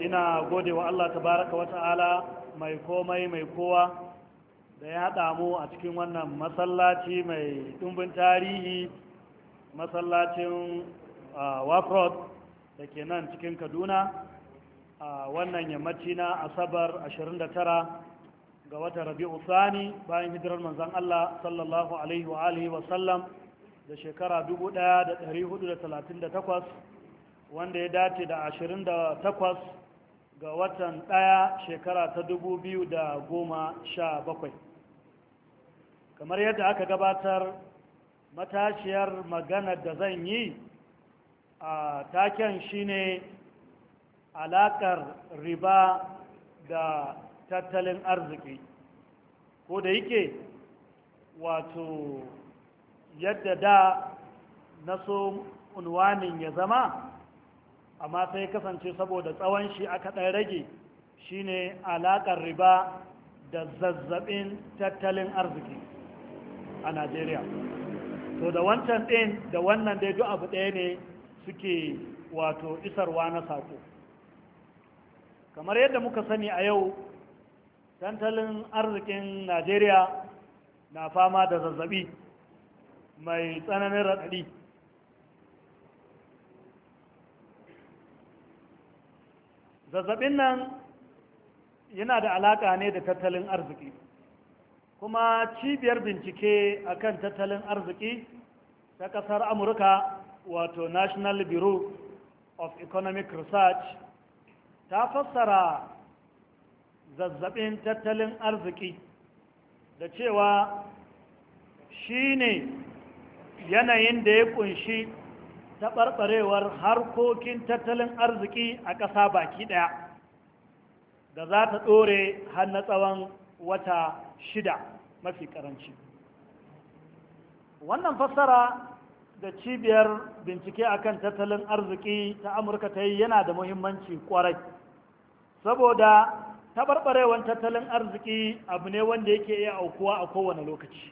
ina gode wa Allah tabaraka wa ta'ala mai komai mai kowa da ya haɗa mu a cikin wannan masallaci mai ɗumbin tarihi masallacin wafrod da ke nan cikin kaduna a wannan yammaci na asabar 29 ga wata rabi'u sani bayan hijirar manzan Allah sallallahu alaihi wa alihi wa sallam da shekara 1438 wanda ya dace da ga watan ɗaya shekara ta dubu biyu da goma sha bakwai kamar yadda aka gabatar matashiyar magana da zan yi a taken shine alaƙar riba da tattalin arziki ko da yake wato yadda da na so unwanin ya zama amma sai kasance saboda tsawon shi aka ɗan rage shine alaƙar riba da zazzabin tattalin arziki a najeriya to da wancan ɗin da wannan dai duk abu ɗaya ne suke wato isarwa na sako kamar yadda muka sani a yau tattalin arzikin najeriya na fama da zazzabi mai tsananin raɗaɗi zazzabin nan yana da alaƙa ne da tattalin arziki kuma cibiyar bincike a kan tattalin arziki ta ƙasar amurka wato national bureau of economic research ta fassara zazzabin tattalin arziki da cewa shi ne yanayin da ya kunshi taɓarɓarewar harkokin tattalin arziki a ƙasa baki ɗaya da za ta ɗore har na tsawon wata shida mafi ƙaranci wannan fassara da cibiyar bincike akan tattalin arziki ta amurka ta yi yana da muhimmanci ƙwarai, saboda taɓarɓarewar tattalin arziki abu ne wanda yake iya aukuwa a kowane lokaci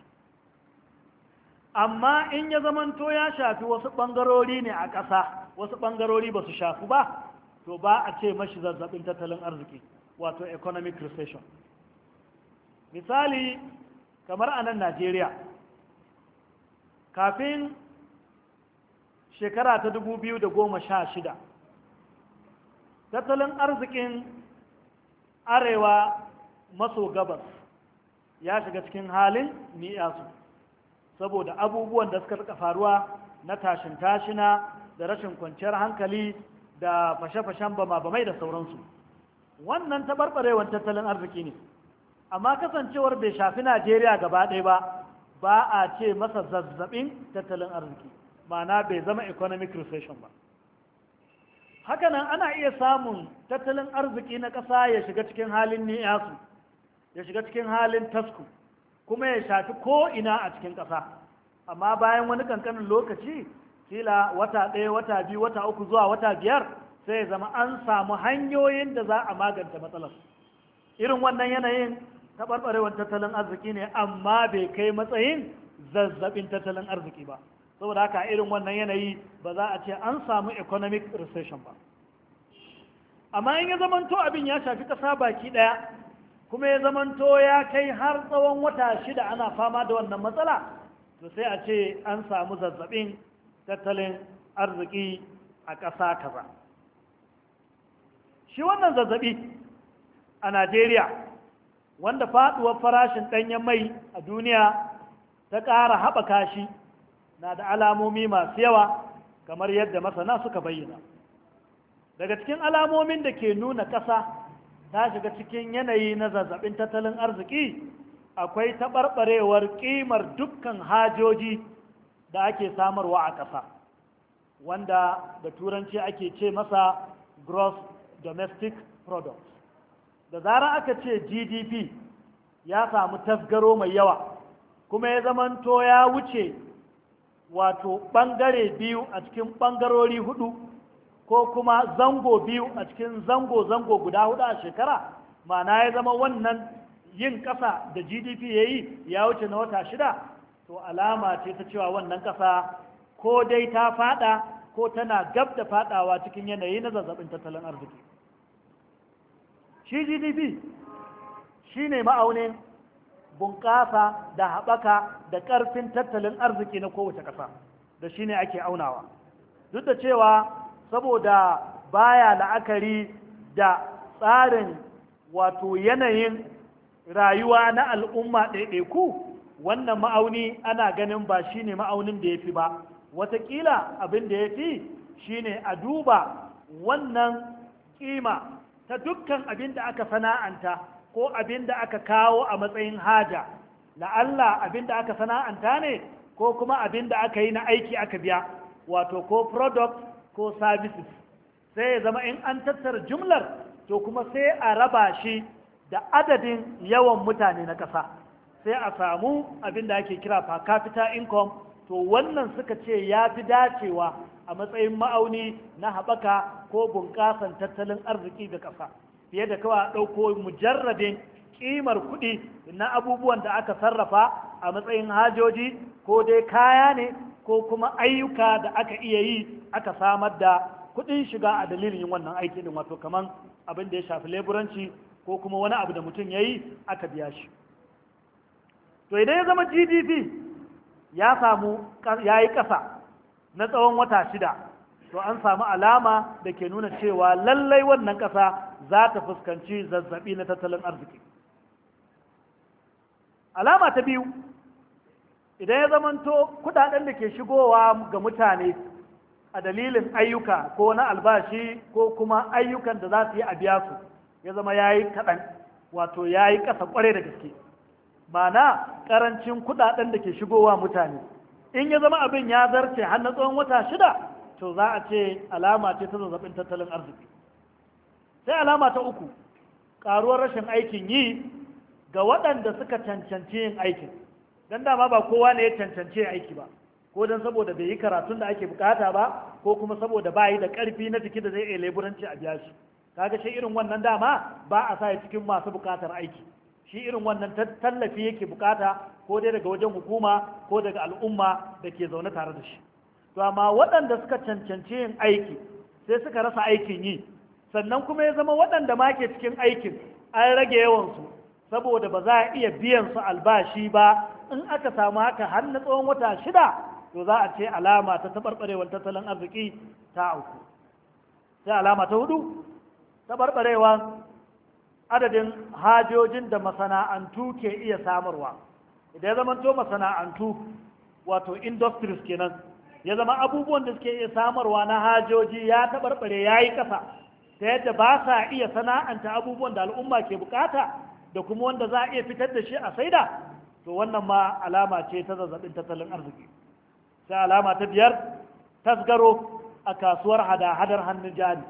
amma in ya zamanto ya shafi wasu ɓangarori ne a ƙasa wasu ɓangarori ba su shafi ba to ba a ce mashi zazzabin tattalin arziki wato economic recession misali kamar a nan najeriya kafin shekara ta 2016 tattalin arzikin arewa maso gabas ya shiga cikin halin ni'yasu saboda abubuwan da suka rika faruwa na tashin tashina da rashin kwanciyar hankali da fashe-fashen bama bamai da sauransu wannan taɓarɓarewar tattalin arziki ne amma kasancewar bai shafi najeriya gaba ɗaya ba ba a ce masa zazzabin tattalin arziki ma'ana bai zama economic recession ba hakanan ana iya samun tattalin arziki na ƙasa ya shiga cikin halin ni'asu ya shiga cikin halin tasku kuma ya shafi ko ina a cikin ƙasa amma bayan wani kankanin lokaci kila wata ɗaya wata biyu wata uku zuwa wata biyar sai zama an samu hanyoyin da za a magance matsalar irin wannan yanayin taɓarɓarewar tattalin arziki ne amma bai kai matsayin zazzabin tattalin arziki ba saboda haka irin wannan yanayi ba za a ce an samu economic recession ba amma in ya zamanto abin ya shafi ƙasa baki ɗaya kuma ya zamanto ya kai har tsawon wata shida ana fama da wannan matsala to sai a ce an samu zazzabin tattalin arziki a ƙasa kaza shi wannan zazzabi a najeriya wanda faɗuwar farashin ɗanyen mai a duniya ta ƙara haɓaka shi na da alamomi masu yawa kamar yadda masana suka bayyana daga cikin alamomin da ke nuna ƙasa ta shiga cikin yanayi na zazzabin tattalin arziki akwai taɓarɓarewar ƙimar dukkan hajoji da ake samarwa a ƙasa wanda da turanci ake ce masa gross domestic product da zarar aka ce gdp ya samu tasgaro mai yawa kuma ya zamanto ya wuce wato ɓangare biyu a cikin ɓangarori hudu ko kuma zango biyu a cikin zango-zango guda hudu a shekara ma'ana ya zama wannan yin ƙasa da gdp ya yi ya wuce na wata shida to alama ce ta cewa wannan ƙasa ko dai ta fada ko tana gab da fadawa cikin yanayi na zazzabin tattalin arziki shi gdp shi ne ma'aunin bunƙasa da haɓaka da ƙarfin tattalin arziki na kowace ƙasa da shi ne ake aunawa duk da cewa saboda baya la'akari da tsarin wato yanayin rayuwa na al'umma ɗaiɗaiku wannan ma'auni ana ganin ba shine ma'aunin da ya fi ba watakila abin da ya fi shine a duba wannan kima ta dukkan abin da aka sana'anta ko abin da aka kawo a matsayin haja la'alla abin da aka sana'anta ne ko kuma abin da aka yi na aiki aka biya wato ko product ko services sai ya zama in an tattara jumlar to kuma sai a raba shi da adadin yawan mutane na ƙasa sai a samu abin da ake kira per capita income to wannan suka ce ya fi dacewa a matsayin ma'auni na haɓaka ko bunƙasan tattalin arziki ga ƙasa fiye da kawai ɗauko mujarrabin ƙimar kuɗi na abubuwan da aka sarrafa a matsayin hajoji ko dai kaya ne ko kuma ayyuka da aka iya yi aka samar da kuɗin shiga a dalilin yin wannan aiki din wato kaman abin da ya shafi leburanci ko kuma wani abu da mutum ya yi aka biya shi to idan ya zama gdp ya samu ya yi ƙasa na tsawon wata shida to an samu alama da ke nuna cewa lallai wannan ƙasa za ta fuskanci zazzabi na tattalin arziki alama ta biyu idan ya zamanto kudaden da ke shigowa ga mutane a dalilin ayyuka ko na albashi ko kuma ayyukan da za su yi a biya su ya zama ya yi kaɗan wato ya yi ƙasa ƙware da gaske mana ƙarancin kudaden da ke shigowa mutane in ya zama abin ya zarce har na tsawon wata shida to za a ce alama ce ta zazzabin tattalin arziki sai alama ta uku ƙaruwar rashin aikin yi ga waɗanda suka cancanci yin aikin dan dama ba kowa ne ya cancance aiki ba ko dan saboda bai yi karatun da ake bukata ba ko kuma saboda ba yi da karfi na jiki da zai iya leburanci a biya shi kaga shi irin wannan dama ba a sa ya cikin masu bukatar aiki shi irin wannan tallafi yake bukata ko dai daga wajen hukuma ko daga al'umma da ke zaune tare da shi to amma waɗanda suka cancanci yin aiki sai suka rasa aikin yi sannan kuma ya zama waɗanda ma ke cikin aikin an rage yawan su saboda ba za a iya biyan su albashi ba in aka samu haka har na tsawon wata shida to za a ce alama ta taɓarɓarewar tattalin arziki ta auku sai alama ta hudu taɓarɓarewar adadin hajojin da masana'antu ke iya samarwa idan ya zamanto masana'antu wato industries kenan ya zama abubuwan da suke iya samarwa na hajoji ya taɓarɓare ya yi ƙasa ta yadda ba sa iya sana'anta abubuwan da al'umma ke bukata da kuma wanda za a iya fitar da shi a saida to wannan ma alama ce ta zazzabin tattalin arziki sai alama ta biyar tasgaro a kasuwar hada-hadar hannun jari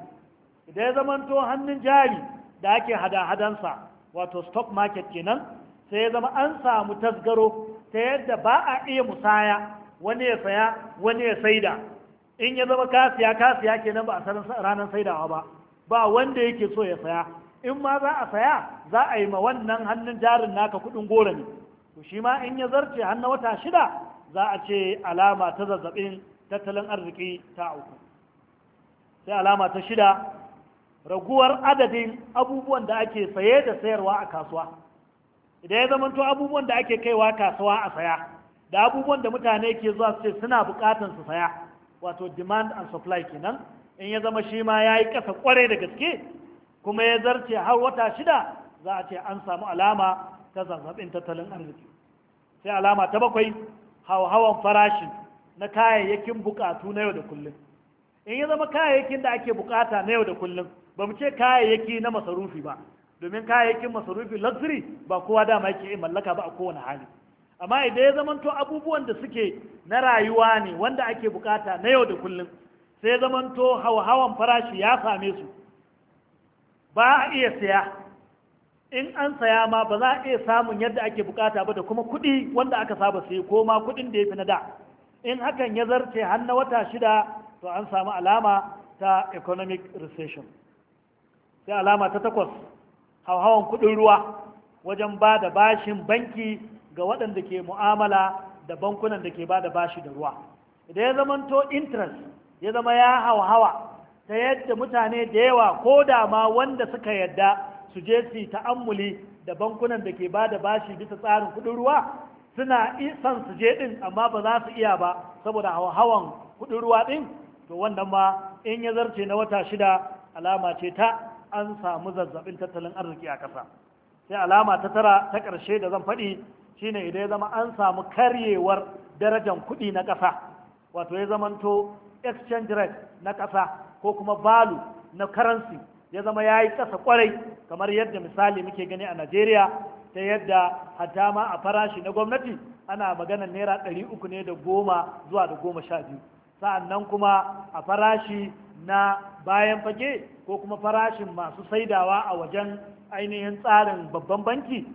idan ya zama zamanto hannun jari da ake hada-hadansa wato stock market kenan sai ya zama an samu tasgaro ta yadda ba a iya musaya wani ya saya wani ya saida in ya zama kasiya kasiya kenan ba a sanin ranar saidawa ba ba wanda yake so ya saya in ma za a saya za a yi ma wannan hannun jarin naka kudin gora ne to shi ma in ya zarce har wata shida za a ce alama ta zazzabin tattalin arziki ta auku sai alama ta shida raguwar adadin abubuwan da ake saye da sayarwa a kasuwa idan ya zama zamanto abubuwan da ake kaiwa kasuwa a saya da abubuwan da mutane ke zuwa su ce suna bukatan su saya wato demand and supply kenan in ya zama shi ma ya yi ƙasa kwarai da gaske kuma ya zarce har wata shida za a ce an samu alama ta zazzabin tattalin arziki sai alama ta bakwai hauhawan farashi na kayayyakin bukatu na yau da kullum in ya zama kayayyakin da ake bukata na yau da kullum ba mu ce kayayyaki na masarufi ba domin kayayyakin masarufi luxury ba kowa dama yake yin mallaka ba a kowane hali amma idan ya zamanto abubuwan da suke na rayuwa ne wanda ake bukata na yau da kullum sai zamanto hauhawan farashi ya same su ba a iya saya in an saya ma ba za a iya samun yadda ake bukata ba da kuma kuɗi wanda aka saba sai ko ma kuɗin da ya fi na da in hakan ya zarce har na wata shida to an samu alama ta economic recession sai alama ta takwas hauhawan kuɗin ruwa wajen ba da bashin banki ga waɗanda ke mu'amala da bankunan da ke ba da bashi da ruwa idan ya zama to interest ya zama ya hauhawa ta yadda mutane da yawa ko da ma wanda suka yadda su je su ta'ammuli da bankunan da ke ba da bashi bisa tsarin kudin ruwa suna isan su je din amma ba za su iya ba saboda hawan kudin ruwa din to wannan ma in ya zarce na wata shida alama ce ta an samu zazzabin tattalin arziki a ƙasa sai alama ta tara ta ƙarshe da zan faɗi shine idan ya zama an samu karyewar darajar kuɗi na ƙasa wato ya zamanto exchange rate na ƙasa ko kuma balu na karansi ya zama ya yi ƙasa kwarai kamar yadda misali muke gani a najeriya ta yadda hatta ma a farashi na gwamnati ana magana naira ɗari uku ne da goma zuwa da goma sha biyu sa'an nan kuma a farashi na bayan fage ko kuma farashin masu saidawa a wajen ainihin tsarin babban banki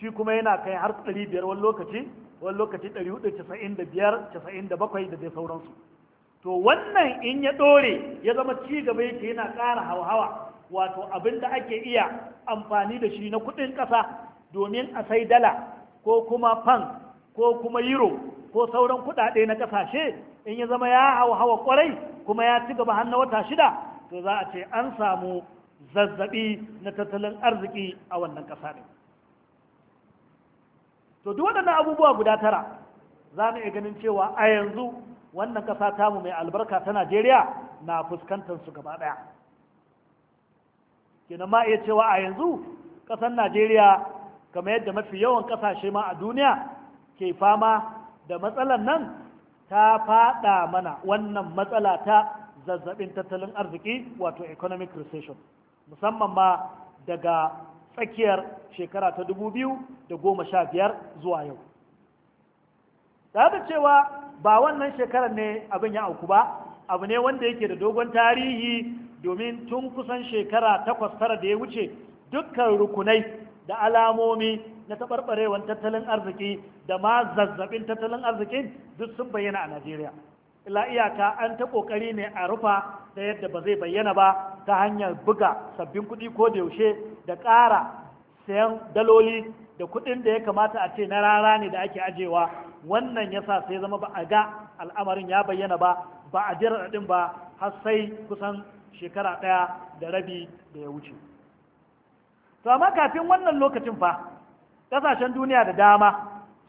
shi kuma yana kai har ɗari biyar wani lokaci wani lokaci ɗari hudu casa'in da biyar casa'in da bakwai da dai sauransu to wannan in ya ɗore ya zama ci gaba yake yana ƙara hauhawa wato abin da ake iya amfani da shi na kuɗin ƙasa domin a sai dala ko kuma fan ko kuma euro ko sauran kuɗaɗe na ƙasashe in ya zama ya hawa ƙwarai kuma ya ci gaba har na wata shida to za a ce an samu zazzaɓi na tattalin arziki a wannan ƙasa ne to duk waɗannan abubuwa guda tara za mu iya ganin cewa a yanzu wannan ƙasa mu mai albarka ta najeriya na fuskantar su gaba ɗaya kenan ma iya cewa a yanzu ƙasar najeriya kamar yadda mafi yawan ƙasashe ma a duniya ke fama da matsalar nan ta faɗa mana wannan matsala ta zazzabin tattalin arziki wato economic recession musamman ma daga tsakiyar shekara ta 2015 zuwa yau da cewa ba wannan shekarar ne abin ya auku ba abu ne wanda yake da dogon tarihi domin tun kusan shekara takwas tara da ya wuce dukkan rukunai da alamomi na taɓarɓarewar tattalin arziki da ma zazzabin tattalin arzikin duk sun bayyana a najeriya ila iyaka an ta ƙoƙari ne a rufa da yadda ba zai bayyana ba ta hanyar buga sabbin kuɗi ko da yaushe da ƙara sayan daloli da kuɗin da ya kamata a ce na rara ne da ake ajewa wannan yasa sai zama ba a ga al'amarin ya bayyana ba ba a jira ɗin ba har sai kusan shekara ɗaya da rabi da ya wuce to amma kafin wannan lokacin fa ƙasashen duniya da dama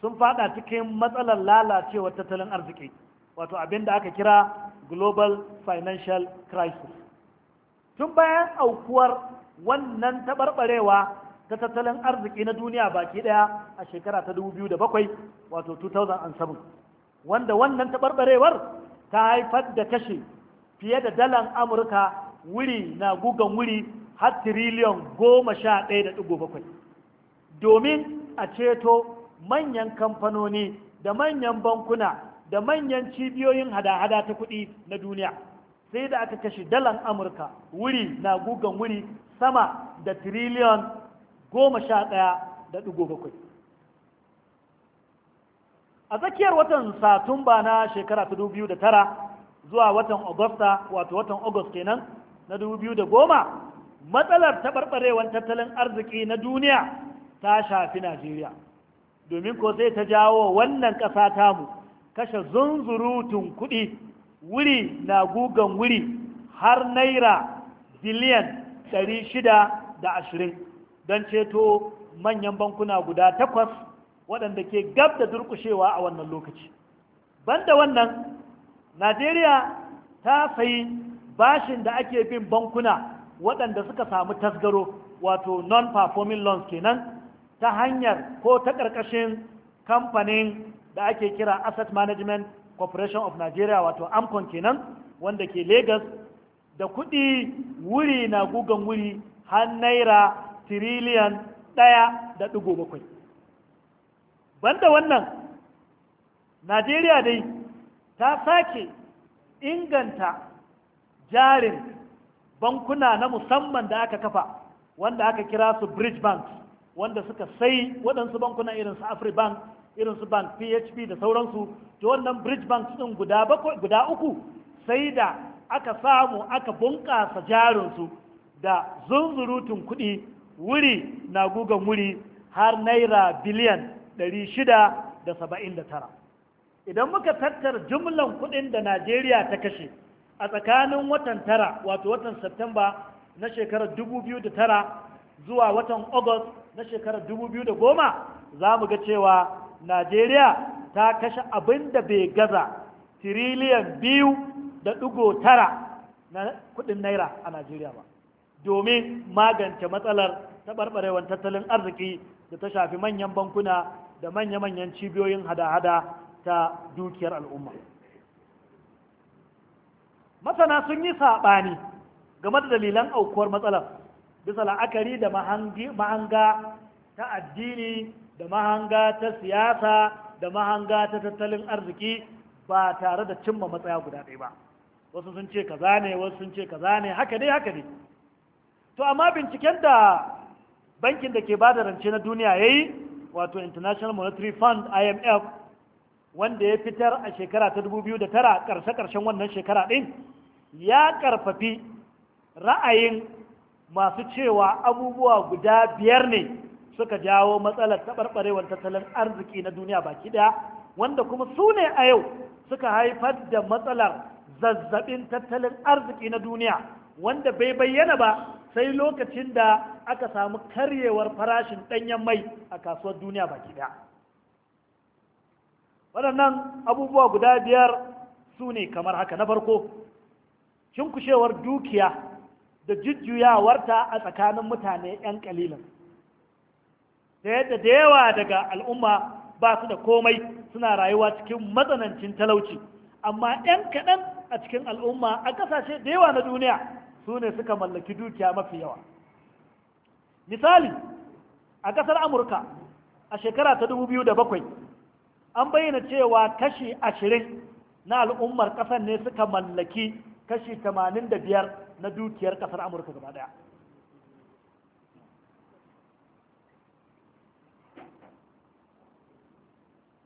sun faɗa cikin matsalar lalacewar tattalin arziki wato abin da aka kira global financial crisis tun bayan aukuwar wannan taɓarɓarewa ta tattalin arziki na duniya baki daya a shekara ta 2007 wato 2007 wanda wannan taɓarɓarewar ta haifar da kashe fiye da dalan amurka wuri na gugan wuri har tiriliyon goma sha ɗaya da bakwai domin a ceto manyan kamfanoni da manyan bankuna da manyan cibiyoyin hada-hada ta kuɗi na duniya sai da aka kashe dalan amurka wuri na gugan wuri sama da tiriliyon goma sha ɗaya da ɗigo bakwai a tsakiyar watan satumba na shekara ta dubu da tara zuwa watan agusta wato watan agus kenan na dubu biyu da goma matsalar taɓarɓarewar tattalin arziki na duniya ta shafi najeriya domin ko zai ta jawo wannan ƙasa tamu kashe zunzurutun kuɗi wuri na gugan wuri har naira biliyan 620 don ceto manyan bankuna guda takwas waɗanda ke gab da durƙushewa a wannan lokaci banda wannan najeriya ta sayi bashin da ake bin bankuna waɗanda suka samu tasgaro wato non-performing loans kenan ta hanyar ko ta ƙarƙashin kamfanin da ake kira asset management corporation of nigeria wato amcon kenan wanda ke lagos da kuɗi wuri na gugan wuri har naira tiriliyan ɗaya da ɗigo bakwai banda wannan najeriya dai ta sake inganta jarin bankuna na musamman da aka kafa wanda aka kira su bridge banks wanda suka sai waɗansu bankuna irinsu afribank irinsu bank php da sauransu to wannan bridge banks ɗin guda uku sai da aka samu aka bunƙasa jarinsu da zunzurutun kuɗi wuri na gugan wuri har naira biliyan 679 idan muka tattar jumlan kudin da najeriya ta kashe a tsakanin watan tara wato watan Satamba na shekarar 2009 zuwa watan August na shekarar 2010 za mu ga cewa Najeriya ta kashe abin da bai gaza tiriliyan biyu da na kudin naira a Najeriya ba. domin magance matsalar taɓarɓarewar tattalin arziki da ta shafi manyan bankuna da manya-manyan cibiyoyin hada-hada ta dukiyar al'umma masana sun yi saɓani game da dalilan aukuwar matsalar bisa la'akari da mahanga ta addini da mahanga ta siyasa da mahanga ta tattalin arziki ba tare da cimma matsaya guda ɗaya ba wasu sun ce ka zane. wasu sun ce ka zane haka dai haka dai to amma binciken da bankin da ke ba da rance na duniya ya yi wato international monetary fund imf wanda ya fitar a shekara ta 2009 karshe-karshen wannan shekara din, ya karfafi ra'ayin masu cewa abubuwa guda biyar ne suka jawo matsalar taɓarɓarewar tattalin arziki na duniya baki ɗaya wanda kuma su ne a yau suka haifar da matsalar zazzabin tattalin arziki na duniya wanda bai bayyana ba sai lokacin da aka samu karyewar farashin ɗanyen mai a kasuwar duniya baki ɗaya waɗannan abubuwa guda biyar su ne kamar haka na farko cinkushewar dukiya da jujjuyawarta a tsakanin mutane 'yan kalilin da da yawa daga al'umma ba su da komai suna rayuwa cikin matsanancin talauci amma 'yan kaɗan a cikin al'umma a ƙasashe da yawa na duniya su ne suka mallaki dukiya mafi yawa misali a ƙasar amurka a shekara ta 2007 an bayyana cewa kashi 20 na al'ummar ƙasar ne suka mallaki kashi 85 na dukiyar ƙasar amurka gaba daya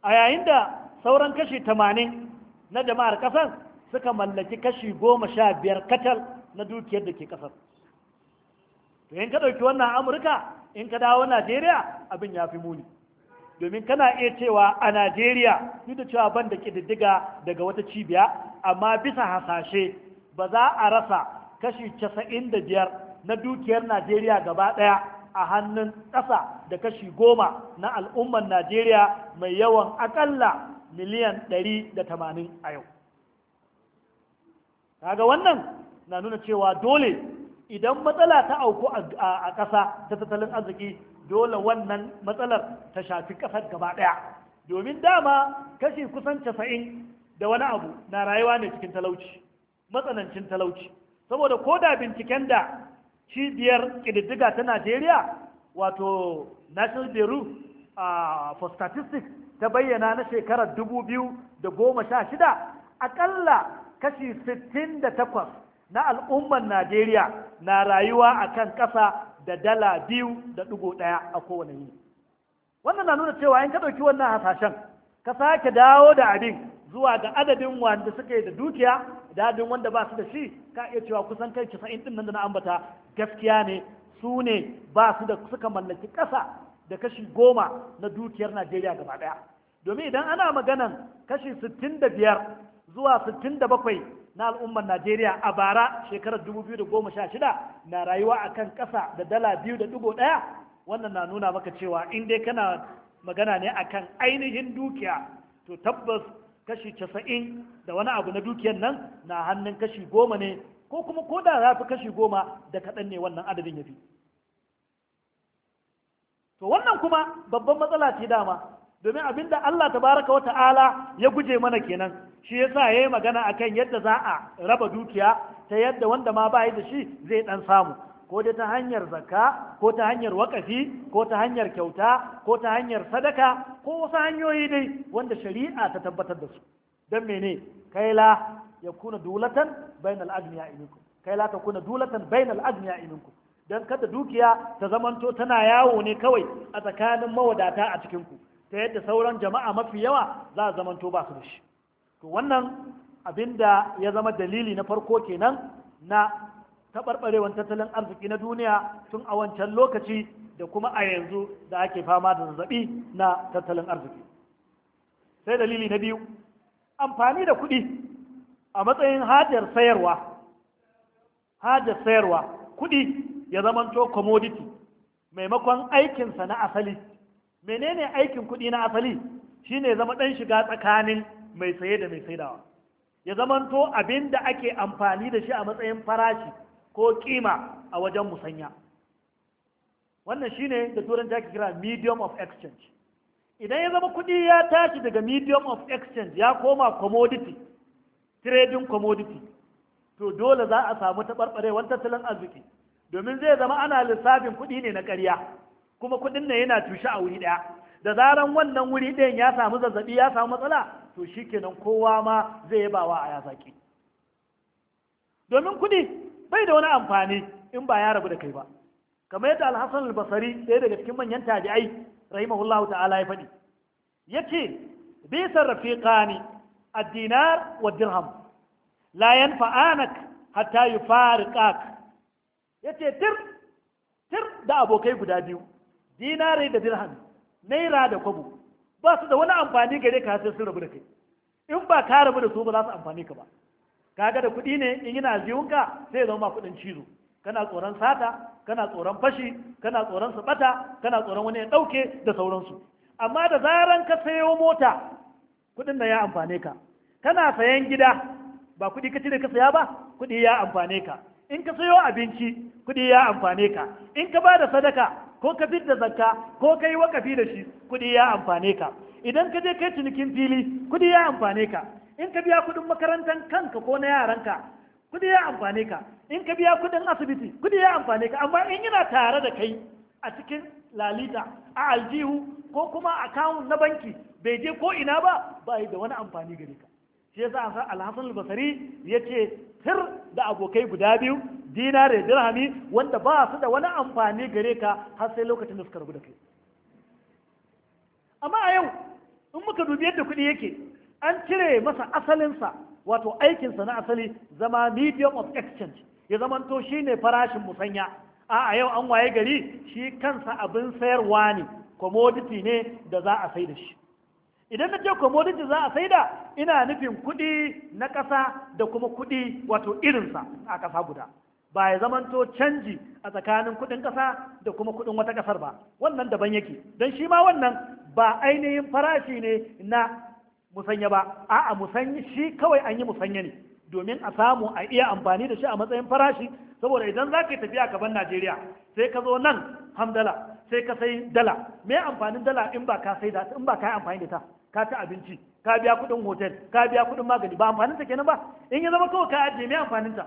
a yayin da sauran kashi 80 na jama'ar ƙasar suka mallaki kashi 15 katal na dukiyar da ke kasar to in ka ɗauki wannan amurka in ka dawo najeriya abin ya fi muni domin kana iya cewa a najeriya duk da cewa ban da ƙididdiga daga wata cibiya amma bisa hasashe ba za a rasa kashi casa'in da biyar na dukiyar najeriya gaba ɗaya a hannun ƙasa da kashi goma na al'ummar najeriya mai yawan aƙalla miliyan ɗari da tamanin a yau kaga wannan na nuna cewa dole idan matsala ta auku a ƙasa ta tattalin arziki dole wannan matsalar ta shafi ƙasar gaba ɗaya domin dama kashi kusan casa'in da wani abu na rayuwa ne cikin talauci matsanancin talauci saboda ko da binciken da cibiyar ƙididdiga ta najeriya wato national bureau for statistics ta bayyana na shekarar 2016 akalla kashi 68 na al'ummar najeriya na rayuwa a kan ƙasa da dala biyu da ɗigo ɗaya a kowane yi. wannan na nuna cewa in ka ɗauki wannan hasashen ka sake dawo da abin zuwa ga adadin wanda suke da dukiya da adadin wanda ba su da shi ka iya cewa kusan kai casa'in ɗin nan da na ambata gaskiya ne su ne ba su da suka mallaki ƙasa da kashi goma na dukiyar najeriya gaba ɗaya domin idan ana maganan kashi sittin da biyar zuwa sittin da bakwai na al'ummar Najeriya a bara shekarar 2016 na rayuwa akan ƙasa da dala biyu da dubu ɗaya wannan na nuna maka cewa in dai kana magana ne akan ainihin dukiya to tabbas kashi casa'in da wani abu na dukiyar nan na hannun kashi goma ne ko kuma ko da ya fi kashi goma da kaɗan ne wannan adadin ya fi to wannan kuma babban matsala ce dama domin abinda Allah tabaraka wa ta'ala ya guje mana kenan shi yasa yayi magana akan yadda za a raba dukiya ta yadda wanda ma bai da shi zai dan samu ko dai ta hanyar zakka ko ta hanyar wakafi ko ta hanyar kyauta ko ta hanyar sadaka ko wasu hanyoyi dai wanda shari'a ta tabbatar da su dan mene kai la kuna dulatan bainal agniya minkum kai la kuna dulatan bainal agniya minkum dan kada dukiya ta zamanto tana yawo ne kawai a tsakanin mawadata a cikin ku ta yadda sauran jama'a mafi yawa za a zamanto ba su da shi to wannan abinda ya zama dalili na farko kenan na taɓarɓarewar tattalin arziki na duniya tun a wancan lokaci da kuma a yanzu da ake fama da zazzabi na tattalin arziki sai dalili na biyu amfani da kuɗi a matsayin hajar sayarwa hajar sayarwa kuɗi ya zamanto commodity maimakon aikinsa na asali menene aikin kuɗi na asali shine zama ɗan shiga tsakanin mai saye da mai saidawa ya zamanto abin da ake amfani da shi a matsayin farashi ko kima a wajen musanya wannan shine da turanci ake kira medium of exchange idan ya zama kudi ya tashi daga medium of exchange ya koma commodity trading commodity to dole za a samu taɓarɓarewar tattalin arziki domin zai zama ana lissafin kudi ne na ƙarya kuma kudin nan yana tushe a wuri ɗaya da zaran wannan wuri ɗayan ya samu zazzabi ya samu matsala to kenan kowa ma zai yabawa a yazaki domin kuɗi bai da wani amfani in ba ya rabu da kai ba kamar yadda alhassan albasari ɗaya daga cikin manyan tabi'ai rahimahullahu ta'ala ya faɗi ya ce bisa rafiqani a dinar wa dirham layan fa'anak hatta yufariqak yace tir tir da abokai guda biyu dinare da dirham naira da kwabo ba su da wani amfani gare ka sai sun rabu da kai in ba ka rabu da su ba za su amfani ka ba kaga da kuɗi ne in yana jiyunka sai zama kuɗin cizo kana tsoron sata kana tsoron fashi kana tsoron su bata kana tsoron wani ya ɗauke da sauransu amma da zaran ka sayo mota kuɗin da ya amfane ka kana sayan gida ba kuɗi ka cire ka saya ba kuɗi ya amfane ka in ka sayo abinci kuɗi ya amfane ka in ka ba da sadaka ko ka fit da zakka ko ka yi wakafi da shi kuɗi ya amfane ka idan ka je kai cinikin fili kuɗi ya amfane ka in ka biya kuɗin makarantar kanka ko na yaranka kuɗi ya amfane ka in ka biya kuɗin asibiti kuɗi ya amfane ka amma in yana tare da kai a cikin lalita a aljihu ko kuma akawun na banki bai je ko ina ba ba da wani amfani gare ka shi yasa alhassan albasari ya ce sir da abokai guda biyu dinare dirhami wanda ba su da wani amfani gare ka har sai lokacin da suka rabu da kai amma a yau in muka dubi yadda kuɗi yake an cire masa asalinsa wato aikinsa na asali zama medium of exchange ya zamanto shi ne farashin musanya a a yau an waye gari shi kansa abin sayarwa ne commodity ne da za a sai da shi idan na ce commodity za a saida ina nufin kuɗi na ƙasa da kuma kuɗi wato irinsa a ƙasa guda ba ya zamanto canji a tsakanin kuɗin ƙasa da kuma kuɗin wata ƙasar ba wannan daban yake don shi ma wannan ba ainihin farashi ne na musanya ba a'a musanya shi kawai an yi musanya ne domin a samu a iya amfani da shi a matsayin farashi saboda idan za ka yi tafiya gaban najeriya sai ka zo nan hamdala sai ka sai dala me amfanin dala in ba ka sai da in ba ka yi amfani da ta ka ta abinci ka biya kuɗin hotel ka biya kuɗin magani ba amfanin ta kenan ba in ya zama kawai ka ajiye mai amfanin ta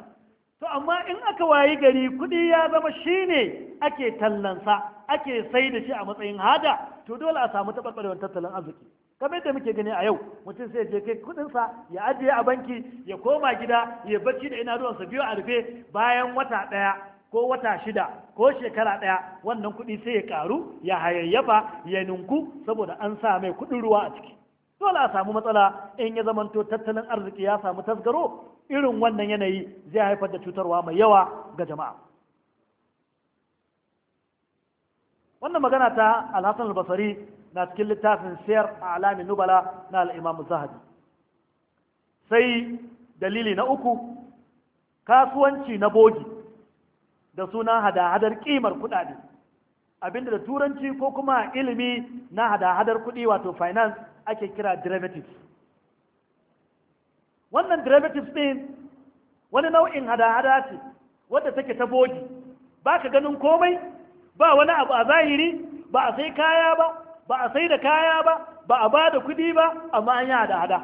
to amma in aka wayi gari kuɗi ya zama shine ake tallansa ake sai da shi a matsayin hada to dole a samu taɓarɓarewar tattalin arziki kamar yadda muke gani a yau mutum sai je kai sa ya ajiye a banki ya koma gida ya bacci da ina sa biyu a rufe bayan wata ɗaya ko wata shida ko shekara ɗaya wannan kuɗi sai ya karu ya hayayyafa ya ninku saboda an sa mai kuɗin ruwa a ciki dole a samu matsala in ya zamanto tattalin arziki ya samu tasgaro irin wannan yanayi zai haifar da cutarwa mai yawa ga jama'a wannan magana ta alhassan albasari na cikin littafin siyar a alamin nubala na al'imamu zahabi sai dalili na uku kasuwanci na bogi da suna hada-hadar kimar kudade abinda da turanci ko kuma ilimi na hada-hadar kudi wato finance ake kira derivatives wannan derivatives ɗin wani nau'in hada-hada ce wadda take ta bogi ba ka ganin komai ba wani abu a zahiri ba a sai kaya ba ba a sai da kaya ba ba a ba da kuɗi ba amma an yi hada-hada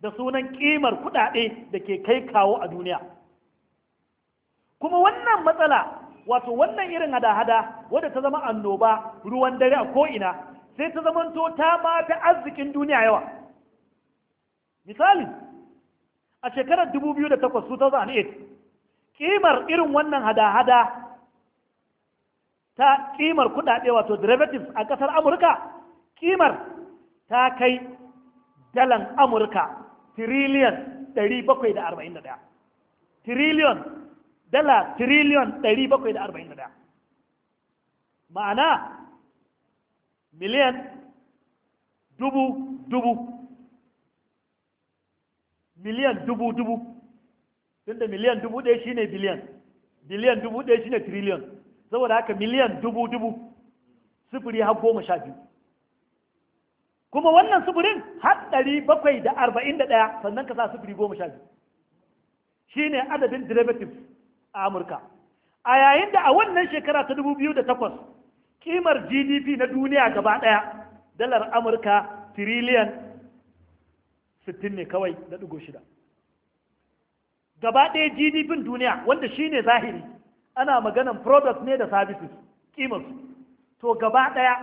da sunan ƙimar kuɗaɗe da ke kai kawo a duniya kuma wannan matsala wato wannan irin hada-hada wadda ta zama annoba ruwan dare a ko'ina sai ta zamanto ta ma ta arzikin duniya yawa misali a shekarar 2008 2008 kimar irin wannan hada-hada ta kimar kudade wato derivatives a kasar amurka kimar ta kai dalan amurka trillion 741 trillion dala trillion 741 ma'ana miliyan dubu dubu miliyan dubu dubu tunda miliyan dubu ɗaya shine biliyan biliyan dubu ɗaya shine triliyan saboda haka miliyan dubu dubu sufuri har goma sha biyu kuma wannan sufurin har ɗari bakwai da arba'in da ɗaya sannan ka sa sufuri goma sha biyu Shi ne adadin derivatives a amurka a yayin da a wannan shekara ta dubu biyu da takwas kimar gdp na duniya gaba ɗaya dalar amurka tiriliyan 60 ne kawai da ɗigo shida gaba ɗaya gdp duniya wanda shi ne zahiri ana maganan products ne da services kimarsu to gaba ɗaya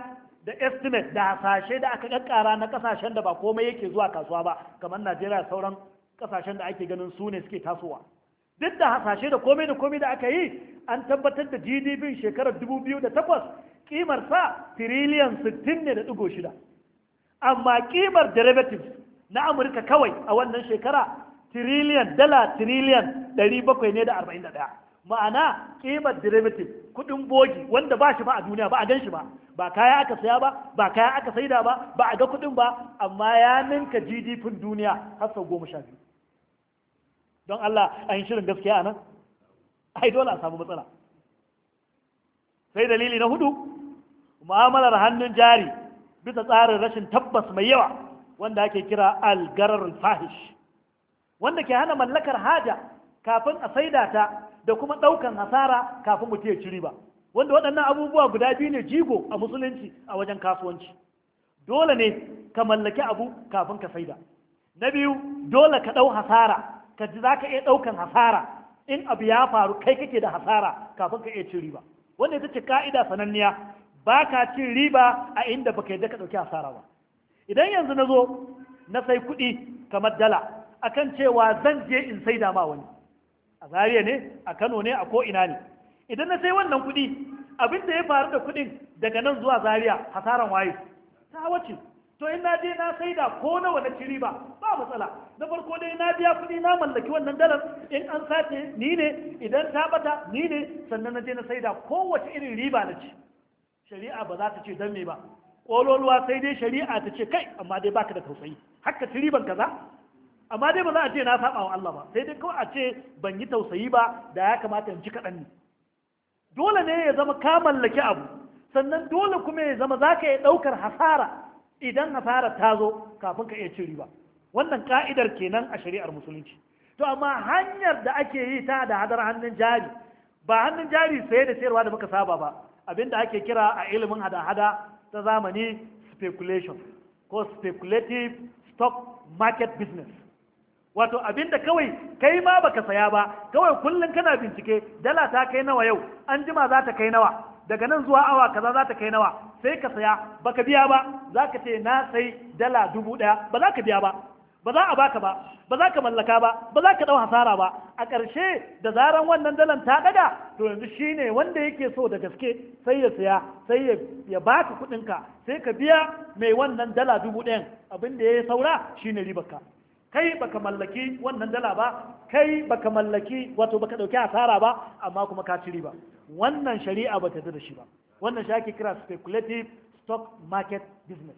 da estimate da hasashe da aka ƙanƙara na ƙasashen da ba komai yake zuwa kasuwa ba kamar najeriya sauran ƙasashen da ake ganin su ne suke tasowa duk da hasashe da komai da komai da aka yi an tabbatar da gdp shekarar 2008 kimar sa tiriliyan 60 ne da ɗigo shida amma kimar derivatives na amurka kawai a wannan shekara tiriliyan dala tiriliyan 700 ne da 41 ma'ana kimar derivatives kudin bogi wanda ba shi ba a duniya ba a gan shi ba ba kaya aka saya ba ba kaya aka saida ba ba a ga kudin ba amma ya ninka gdp duniya har sau goma sha biyu don Allah an shirin gaskiya a nan ai dole a samu matsala sai dalili na hudu mu'amalar hannun jari bisa tsarin rashin tabbas mai yawa wanda ake kira algarar fahish wanda ke hana mallakar haja kafin a saida ta da kuma ɗaukan hasara kafin mutum ya ci riba wanda waɗannan abubuwa guda biyu ne jigo a musulunci a wajen kasuwanci dole ne ka mallaki abu kafin ka saida na biyu dole ka ɗau hasara ka ji za ka iya ɗaukan hasara in abu ya faru kai kake da hasara kafin ka iya cin riba wanda ita ce ka'ida sananniya ba ka cin riba a inda baka yadda ka ɗauki hasara ba idan yanzu na zo na sai kuɗi kamar dala akan cewa zan je in sai dama wani a zariya ne a kano ne a ko ina ne idan na sai wannan kuɗi abin da ya faru da kuɗin daga nan zuwa zariya hasaran waye ta wace to in na je na saida ko nawa na ciri ba ba matsala na farko dai na biya kuɗi na mallaki wannan dalar in an sace ni ne idan ta bata ni ne sannan na je na saida kowace irin riba na ci shari'a ba za ta ce don me ba ƙololuwa sai dai shari'a ta ce kai amma dai baka da tausayi hakka ci riban kaza amma dai ba za a ce na saba wa Allah ba sai dai kawai a ce ban yi tausayi ba da ya kamata in ci kaɗan ne dole ne ya zama ka mallaki abu sannan dole kuma ya zama za ka yi ɗaukar hasara idan nasara ta zo kafin ka iya cin riba wannan ka'idar kenan a shari'ar musulunci to amma hanyar da ake yi ta da hadar hannun jari ba hannun jari saye da sayarwa da muka saba ba abinda ake kira a ilimin hada-hada ta zamani speculation ko speculative stock market business wato abinda kawai kai ma baka saya ba kawai kullum kana bincike dala ta kai nawa yau an jima za ta kai nawa daga nan zuwa awa kaza za ta kai nawa sai ka saya baka biya ba za ka ce na sai dala dubu ɗaya ba za ka biya ba ba za a baka ba ba za ka mallaka ba ba za ka ɗau hasara ba a ƙarshe da zaran wannan dalan ta ɗaga to yanzu ne wanda yake so da gaske sai ya saya sai ya baka kuɗinka sai ka biya mai wannan dala dubu ɗayan abin da ya yi saura shine ribarka kai baka mallaki wannan dala ba kai baka mallaki wato baka ɗauki hasara ba amma kuma ka ci riba wannan shari'a ba ta da shi ba wannan shi ake kira speculative stock market business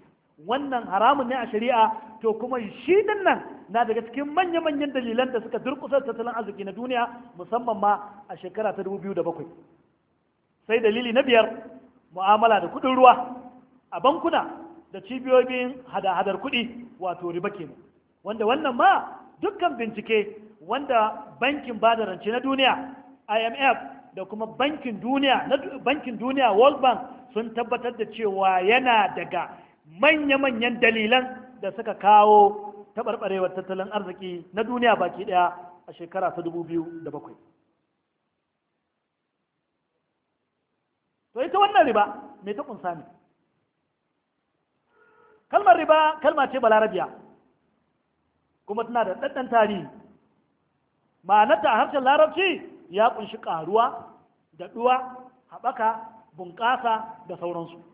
wannan haramun ne a shari'a to kuma shi din nan na daga cikin manya-manyan dalilan da suka durkusa tattalin arziki na duniya musamman ma a shekara ta 2007 sai dalili na biyar mu'amala da kudin ruwa a bankuna da cibiyoyin hada-hadar kudi wato riba kenan wanda wannan ma dukkan bincike wanda bankin bada rance na duniya imf da kuma bankin duniya na bankin duniya world bank sun tabbatar da cewa yana daga manya-manyan dalilan da suka kawo taɓarɓarewar tattalin arziki na duniya baki ɗaya a shekara ta 2007 to ita wannan riba mai ta kunsa ne kalmar riba kalma ce balarabiya kuma tana da ɗanɗan tarihi ma'anarta a harshen larabci ya kunshi karuwa da ɗuwa haɓaka bunƙasa da sauransu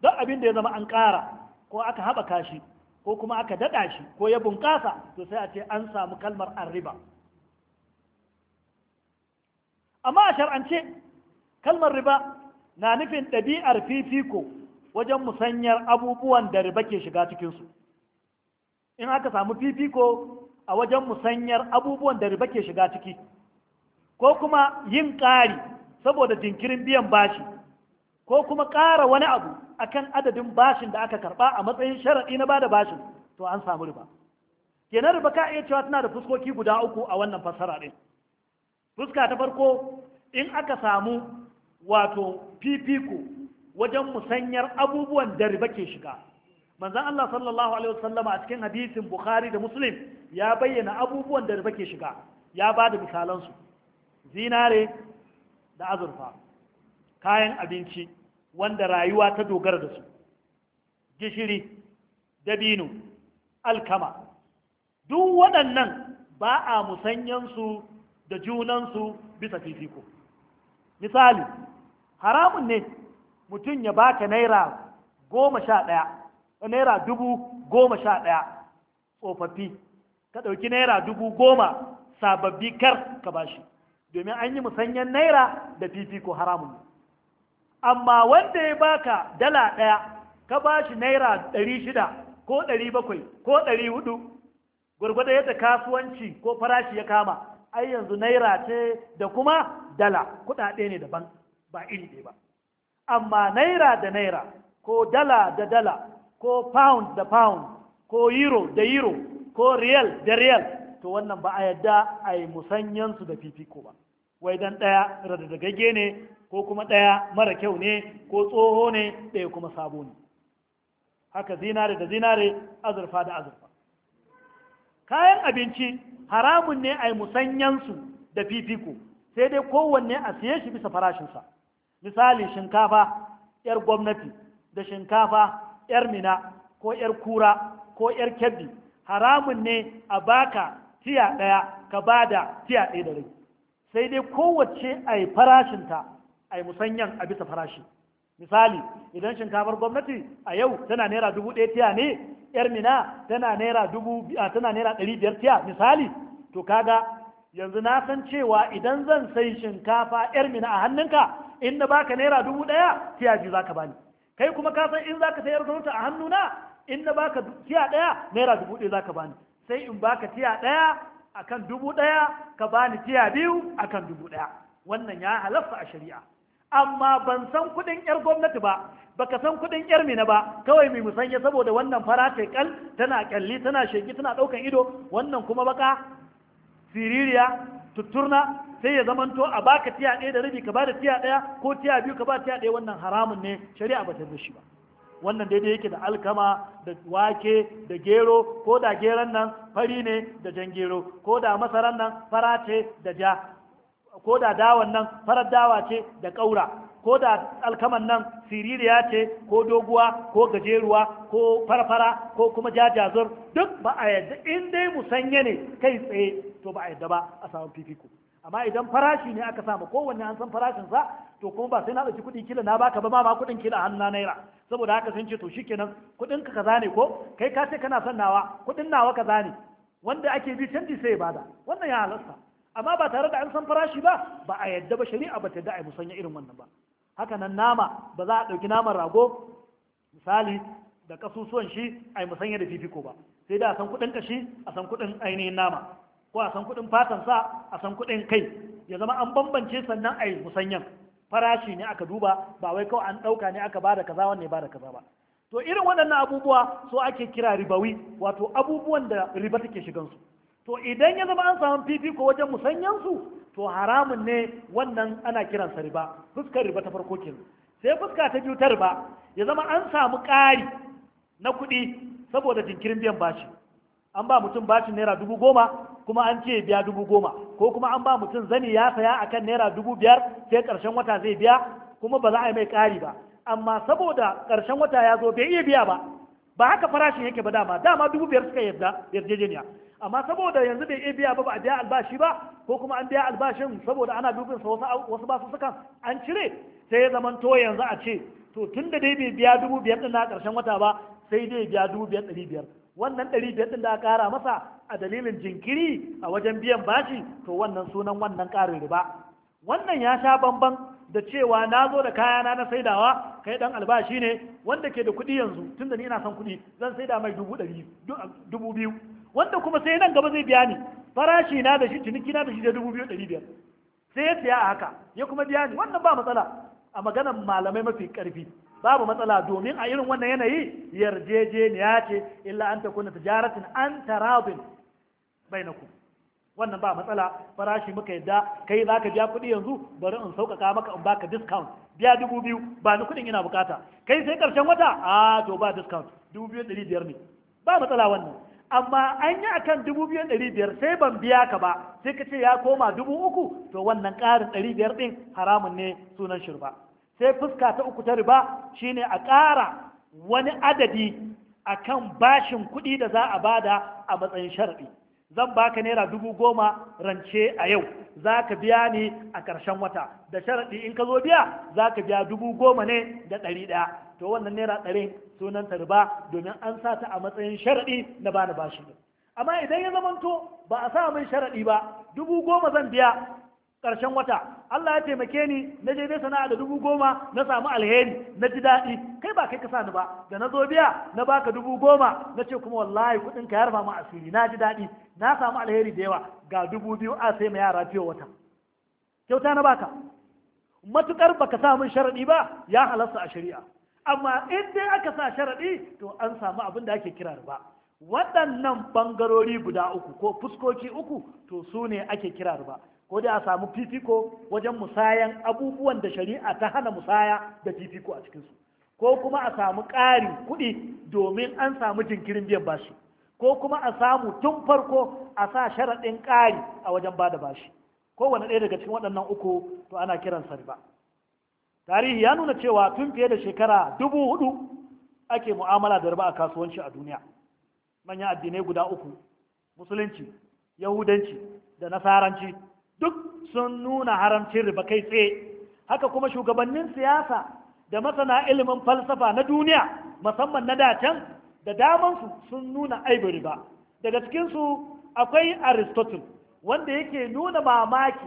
don abin da ya zama an ƙara ko aka haɓaka shi ko kuma aka daɗa shi ko ya bunƙasa to sai a ce an samu kalmar arriba amma a shar'ance kalmar riba na nufin ɗabi'ar fifiko wajen musanyar abubuwan da riba ke shiga cikinsu in aka samu fifiko a wajen musanyar abubuwan da riba ke shiga ciki ko kuma yin ƙari saboda jinkirin biyan bashi ko kuma ƙara wani abu akan adadin bashin da aka karɓa a matsayin sharaɗi na ba da bashin to an samu riba kenan riba ka iya cewa tana da fuskoki guda uku a wannan fassara ɗin fuska ta farko in aka samu wato fifiko wajen musanyar abubuwan da riba ke shiga manzan Allah sallallahu alaihi wasallama a cikin hadisin Bukhari da Muslim ya bayyana abubuwan da riba ke shiga ya ba da misalansu zinare da azurfa kayan abinci wanda rayuwa ta dogara da su gishiri dabino alkama duk waɗannan ba a musanyansu da junansu bisa fifiko misali haramun ne mutum ya baka naira goma sha ɗaya naira dubu goma sha ɗaya tsofaffi ka ɗauki naira dubu goma sababbi kar ka bashi domin an yi musanyen naira da fifiko haramun amma wanda ya baka dala ɗaya ka ba shi naira ɗari shida ko ɗari bakwai ko ɗari hudu gwargwada yadda kasuwanci ko farashi ya kama ai yanzu naira ce da kuma dala kuɗaɗe ne daban ba iri ɗaya ba amma naira da naira ko dala da dala ko pound da pound ko euro da euro ko real da real to wannan ba a yadda a yi musanyansu da fifiko ba wai dan ɗaya radadagagge ne ko kuma ɗaya mara kyau ne ko tsoho ne ɗaya kuma sabo ne haka zinare da zinare azurfa da azurfa kayan abinci haramun ne a yi musanyansu da fifiko sai dai kowanne a siye shi bisa farashinsa misali shinkafa 'yar gwamnati da shinkafa 'yar mina ko 'yar kura ko 'yar kebbi haramun ne a baka tiya ɗaya ka ba da tiya ɗaya da rai sai dai kowace a yi farashinta a yi musanyan a bisa farashi misali idan shinkafar gwamnati a yau tana naira dubu ɗaya tiya ne yar mina tana naira dubu tana naira ɗari biyar tiya misali to kaga yanzu na san cewa idan zan sai shinkafa yar mina a hannunka in na baka naira dubu ɗaya tiya biyu zaka bani kai kuma ka san in zaka sayar gwamnati a hannuna in na baka tiya ɗaya naira dubu ɗaya zaka bani sai in baka tiya ɗaya akan dubu ɗaya ka bani tiya biyu akan dubu ɗaya wannan ya halasta a shari'a amma ban san kuɗin 'yar gwamnati ba baka san kuɗin 'yar mina ba kawai mai musanya saboda wannan fara ta kal tana kyalli tana sheki tana ɗaukan ido wannan kuma baka siririya tutturna sai ya zamanto a baka tiya ɗaya da rabi ka bada tiya ɗaya ko tiya biyu ka ba tiya ɗaya wannan haramun ne shari'a ba ta shi ba wannan daidai yake da alkama da wake da gero ko da geron nan fari ne da jan gero ko da masaran nan fara ce da ja ko da dawan nan farar dawa ce da ƙaura ko da alkaman nan siririya ce ko doguwa ko gajeruwa ko farfara ko kuma jajazur duk ba a yadda in dai musanye ne kai tsaye to ba a yadda ba a samu fifiko amma idan farashi ne aka samu kowanne an san farashinsa to kuma ba sai na ɗauki kuɗi kila na baka ba ma kuɗin kila hannu na naira saboda haka sun ce to shi kenan kudin ka kaza ne ko kai ka ce kana son nawa Kuɗin nawa kaza ne wanda ake bi canji sai ya bada wannan ya halasta amma ba tare da an san farashi ba ba a yadda ba shari'a ba ta da a musanya irin wannan ba haka nan nama ba za a ɗauki naman rago misali da kasusuwan shi a yi musanya da fifiko ba sai da a san kuɗin kashi a san kuɗin ainihin nama ko a san kuɗin fatan sa a san kuɗin kai ya zama an bambance sannan a yi musanyan farashi ne aka duba ba wai kawai an ɗauka ne aka bada kaza wanne bada kaza ba to irin waɗannan abubuwa so ake kira ribawi wato abubuwan da riba take shigansu to idan ya zama an samu fifiko wajen musanyansu to haramun ne wannan ana kiransa riba fuskar riba ta farko kenan sai fuska ta biyu ta riba ya zama an samu ƙari na kuɗi saboda jinkirin biyan bashi an ba mutum bashin naira dubu goma kuma an ce biya dubu goma ko kuma an ba mutum zani ya saya a kan naira dubu biyar sai ƙarshen wata zai biya kuma ba za a yi mai ƙari ba amma saboda ƙarshen wata ya zo bai iya biya ba ba haka farashin yake ba dama dama dubu biyar suka yarda yarjejeniya amma saboda yanzu bai iya biya ba ba a biya albashi ba ko kuma an biya albashin saboda ana dubin sa wasu wasu basu sukan an cire sai ya zaman to yanzu a ce to tunda dai bai biya dubu biyar din na ƙarshen wata ba sai dai biya dubu biyar ɗari biyar wannan ɗari biyar ɗin da aka ƙara masa a dalilin jinkiri a wajen biyan bashi to wannan sunan wannan ƙarin riba wannan ya sha bamban da cewa na zo da kayana na saidawa kai dan albashi ne wanda ke da kuɗi yanzu tun da ni ina son kuɗi zan saida mai dubu ɗari dubu biyu wanda kuma sai nan gaba zai biya ni farashi na da shi ciniki na da shi da dubu biyu ɗari biyar sai ya siya a haka ya kuma biya ni wannan ba matsala a maganar malamai mafi ƙarfi babu matsala domin a irin wannan yanayi yarjejeniya ce illa an ta kuna tijaratin an tarabin ku. wannan ba matsala farashi muka yadda kai za ka biya kuɗi yanzu bari in sauƙaƙa maka in baka discount biya dubu biyu ba ni kuɗin ina bukata kai sai ƙarshen wata a to ba discount dubu biyu ɗari biyar ne ba matsala wannan amma an yi akan dubu biyu ɗari biyar sai ban biya ka ba sai kace ya koma dubu uku to wannan ƙarin ɗari biyar ɗin haramun ne sunan shirba sai fuska ta uku ta riba shine a ƙara wani adadi akan bashin kuɗi da za a bada a matsayin sharaɗi zan baka naira dubu goma rance a yau za ka biya ni a ƙarshen wata da sharaɗi in ka zo biya za ka biya dubu goma ne da ɗari ɗaya to wannan naira ɗari sunan ta riba domin an sa ta a matsayin sharaɗi na bani bashi amma idan ya zamanto ba a sa min sharaɗi ba dubu goma zan biya ƙarshen wata Allah ya taimake ni na je dai sana'a da dubu goma na samu alheri na ji daɗi kai ba kai ka sani ba da na zo biya na baka dubu goma na ce kuma wallahi kuɗin ka yarfa mu asiri na ji daɗi na samu alheri da yawa ga dubu biyu a sai ma yara fiye wata kyauta na baka matukar baka sa min sharaɗi ba ya halasta a shari'a amma in dai aka sa sharaɗi to an samu abin da ake kira riba waɗannan bangarori guda uku ko fuskoki uku to su ne ake kira riba ko dai a samu fifiko wajen musayan abubuwan da shari'a ta hana musaya da fifiko a cikinsu ko kuma a samu ƙarin kuɗi domin an samu jinkirin biyan bashi ko kuma a samu tun farko a sa sharaɗin ƙari a wajen ba da bashi kowane ɗaya daga cikin waɗannan uku to ana kiran riba tarihi ya nuna cewa tun fiye da shekara dubu hudu ake mu'amala da riba a kasuwanci a duniya manyan addinai guda uku musulunci yahudanci da nasaranci duk sun nuna haramcin riba kai tsaye haka kuma shugabannin siyasa da masana ilimin falsafa na duniya musamman na datan da damansu sun nuna aibin riba daga cikinsu akwai aristotle wanda yake nuna mamaki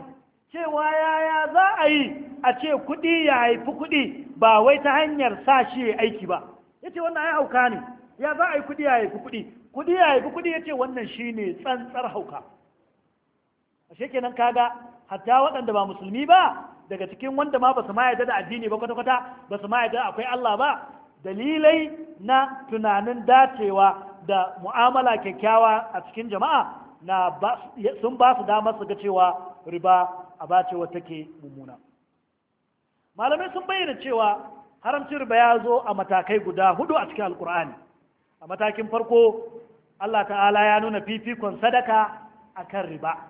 cewa yaya za a yi a ce kuɗi ya haifi kuɗi ba wai ta hanyar sa shi ya aiki ba ya ce wannan ya hauka ne ya za a yi kuɗi ya haifi kuɗi kuɗi ya haifi kuɗi ya ce wannan shi ne tsantsar hauka ashe kenan kaga hatta waɗanda ba musulmi ba daga cikin wanda ma ba su ma yarda da addini ba kwata-kwata ba su ma yarda akwai Allah ba dalilai na tunanin dacewa da mu'amala kyakkyawa a cikin jama'a na sun ba su damar su ga cewa riba a bacewa take mummuna malamai sun bayyana cewa haramcin riba ya zo a matakai guda hudu a cikin alkur'ani a matakin farko Allah ta'ala ya nuna fifikon sadaka akan riba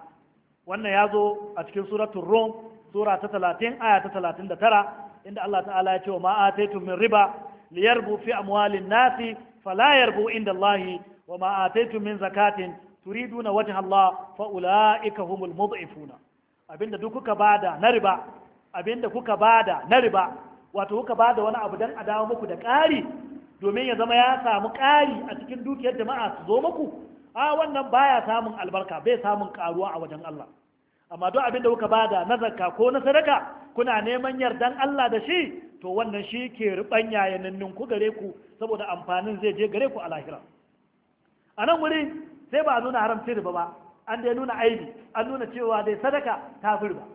wannan ya zo a cikin suratun rum sura ta talatin aya ta talatin da tara inda Allah ta'ala ya ce wa ma'ataitum min riba liyarbu fi amwalin nasi fala yarbu inda Allahi wa ma'ataitum min zakatin turiduna wajen Allah fa ulaika humul mud'ifuna abinda duk kuka bada na riba abinda kuka bada na riba wato kuka bada wani abu dan a dawo muku da ƙari domin ya zama ya samu ƙari a cikin dukiyar jama'a su zo muku a wannan baya samun albarka bai samun karuwa a wajen Allah amma duk abin da kuka bada na zakka ko na sadaka kuna neman yardan Allah da shi to wannan shi ke rubanya yanannin ku gare ku saboda amfanin zai je gare ku a lahira a nan wuri sai ba a nuna haramci riba ba an dai nuna aibi an nuna cewa dai sadaka ta fi riba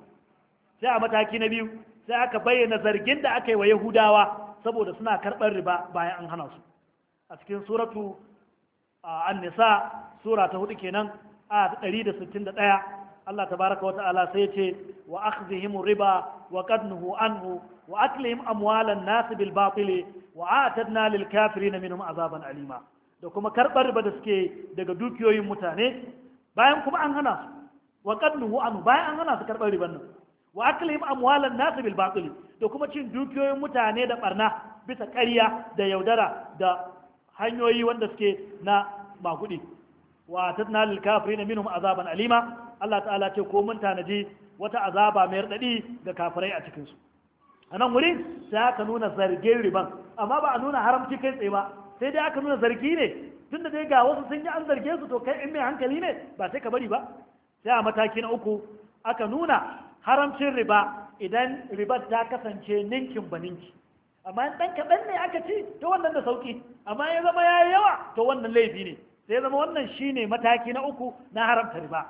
sai a mataki na biyu sai aka bayyana zargin da aka yi wa yahudawa saboda suna karɓar riba bayan an hana su a cikin suratu an-nisa sura ta hudu kenan a ta 161 Allah tabaraka wata'ala sai ce wa akhdhihim riba wa qadnuhu anhu wa aklihim amwalan nas bil batil wa a'tadna lil kafirin minhum azaban alima da kuma karbar riba da suke daga dukiyoyin mutane bayan kuma an hana su wa qadnuhu anhu bayan an hana su karbar riban nan wa aklihim amwalan nas bil batil da kuma cin dukiyoyin mutane da barna bisa ƙarya da yaudara da hanyoyi wanda suke na makudi wa tatna lil kafirin minhum azaban alima Allah ta'ala ce ko mun tanaji wata azaba mai daɗi ga kafirai a cikin su a nan wuri sai aka nuna zargin riban amma ba a nuna haramci kai tsaye ba sai dai aka nuna zargi ne tunda dai ga wasu sun yi an zarge su to kai in mai hankali ne ba sai ka bari ba sai a mataki na uku aka nuna haramcin riba idan ribar ta kasance ninkin ba ninki amma ɗan kaɗan ne aka ci to wannan da sauƙi amma ya zama ya yawa to wannan laifi ne sai zama wannan shi ne mataki na uku na haramta riba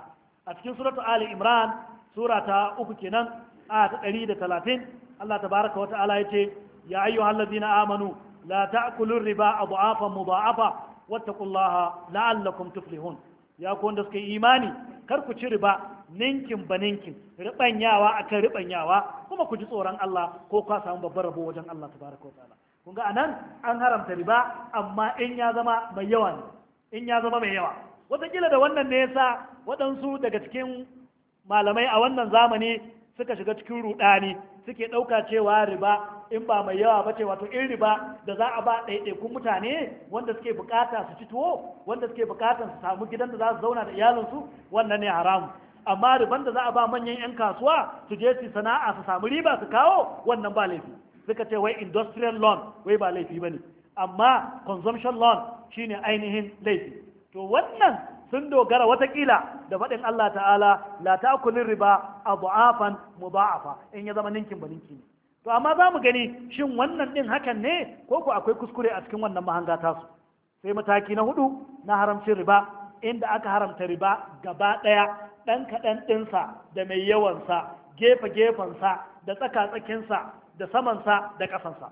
a cikin suratu ali imran sura ta uku kenan a ta ɗari da talatin allah tabaraka wata ala ya ce ya ayyuhal na amanu la kulun riba adhafan mudha'afa wattaqullaha la'allakum tuflihun ya ku wanda suka yi imani kar ku ci riba ninkin ba ninkin ribanyawa akan ribanyawa kuma ku ji tsoron Allah ko ka samu babbar rabo wajen Allah tabaraka wa ta'ala kun ga anan an haramta riba amma in ya zama mai yawa in ya zama mai yawa wataƙila da wannan ne yasa waɗansu daga cikin malamai a wannan zamani suka shiga cikin rudani suke ɗauka cewa riba in ba mai yawa ba ce wato in riba da za a ba ɗaiɗaikun mutane wanda suke bukata su ci tuwo wanda suke bukatan su samu gidan da za su zauna da iyalinsu wannan ne haramu amma riban da za a ba manyan 'yan kasuwa su je su sana'a su samu riba su kawo wannan ba laifi suka ce wai industrial loan wai ba laifi ba ne amma consumption loan shine ainihin laifi to wannan sun dogara watakila da faɗin Allah ta'ala la ta'kulin riba abu'afan muba'afa in ya zama ninkin ba ninki ne to amma za mu gani shin wannan ɗin hakan ne ko ko akwai kuskure a cikin wannan mahanga tasu sai mataki na hudu na haramcin riba inda aka haramta riba gaba ɗaya ɗan kaɗan ɗinsa da mai yawansa gefe gefensa da tsaka tsakinsa da samansa da ƙasansa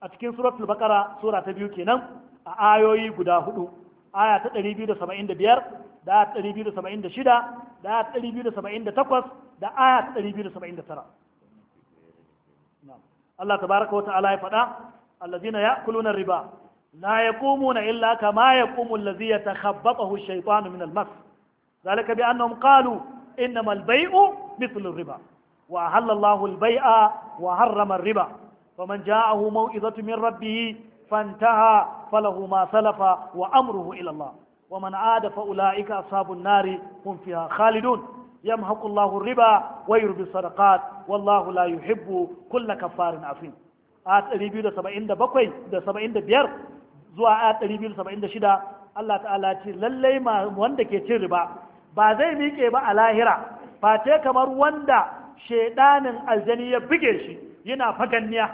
a cikin suratul bakara sura ta biyu kenan a ayoyi guda hudu aya ta 275 da aya ta 276 da aya ta 278 da aya ta 279 Allah tabaraka wa ta'ala ya faɗa allazina ya'kuluna riba Na ya na illa kama ya kumu lazi ya ta habbaɓa hushai ɓanu min almas zalika bi annahum qalu inna mal bai'u mithlu riba wa halallahu al bai'a wa harrama riba fa man ja'ahu maw'izatu min rabbihi fantaha falahu ma salafa wa amruhu ila allah wa man ada fa ulaika ashabun nari hum fiha khalidun yamhaqu allahu al riba wa yurbi sadaqat wallahu la yuhibbu kull kafarin afin a biyar. zuwa aya 276 Allah ta'ala ce lallai wanda ke cin riba ba zai miƙe ba a lahira ce kamar wanda shaidanin aljani ya buge shi yana faganniya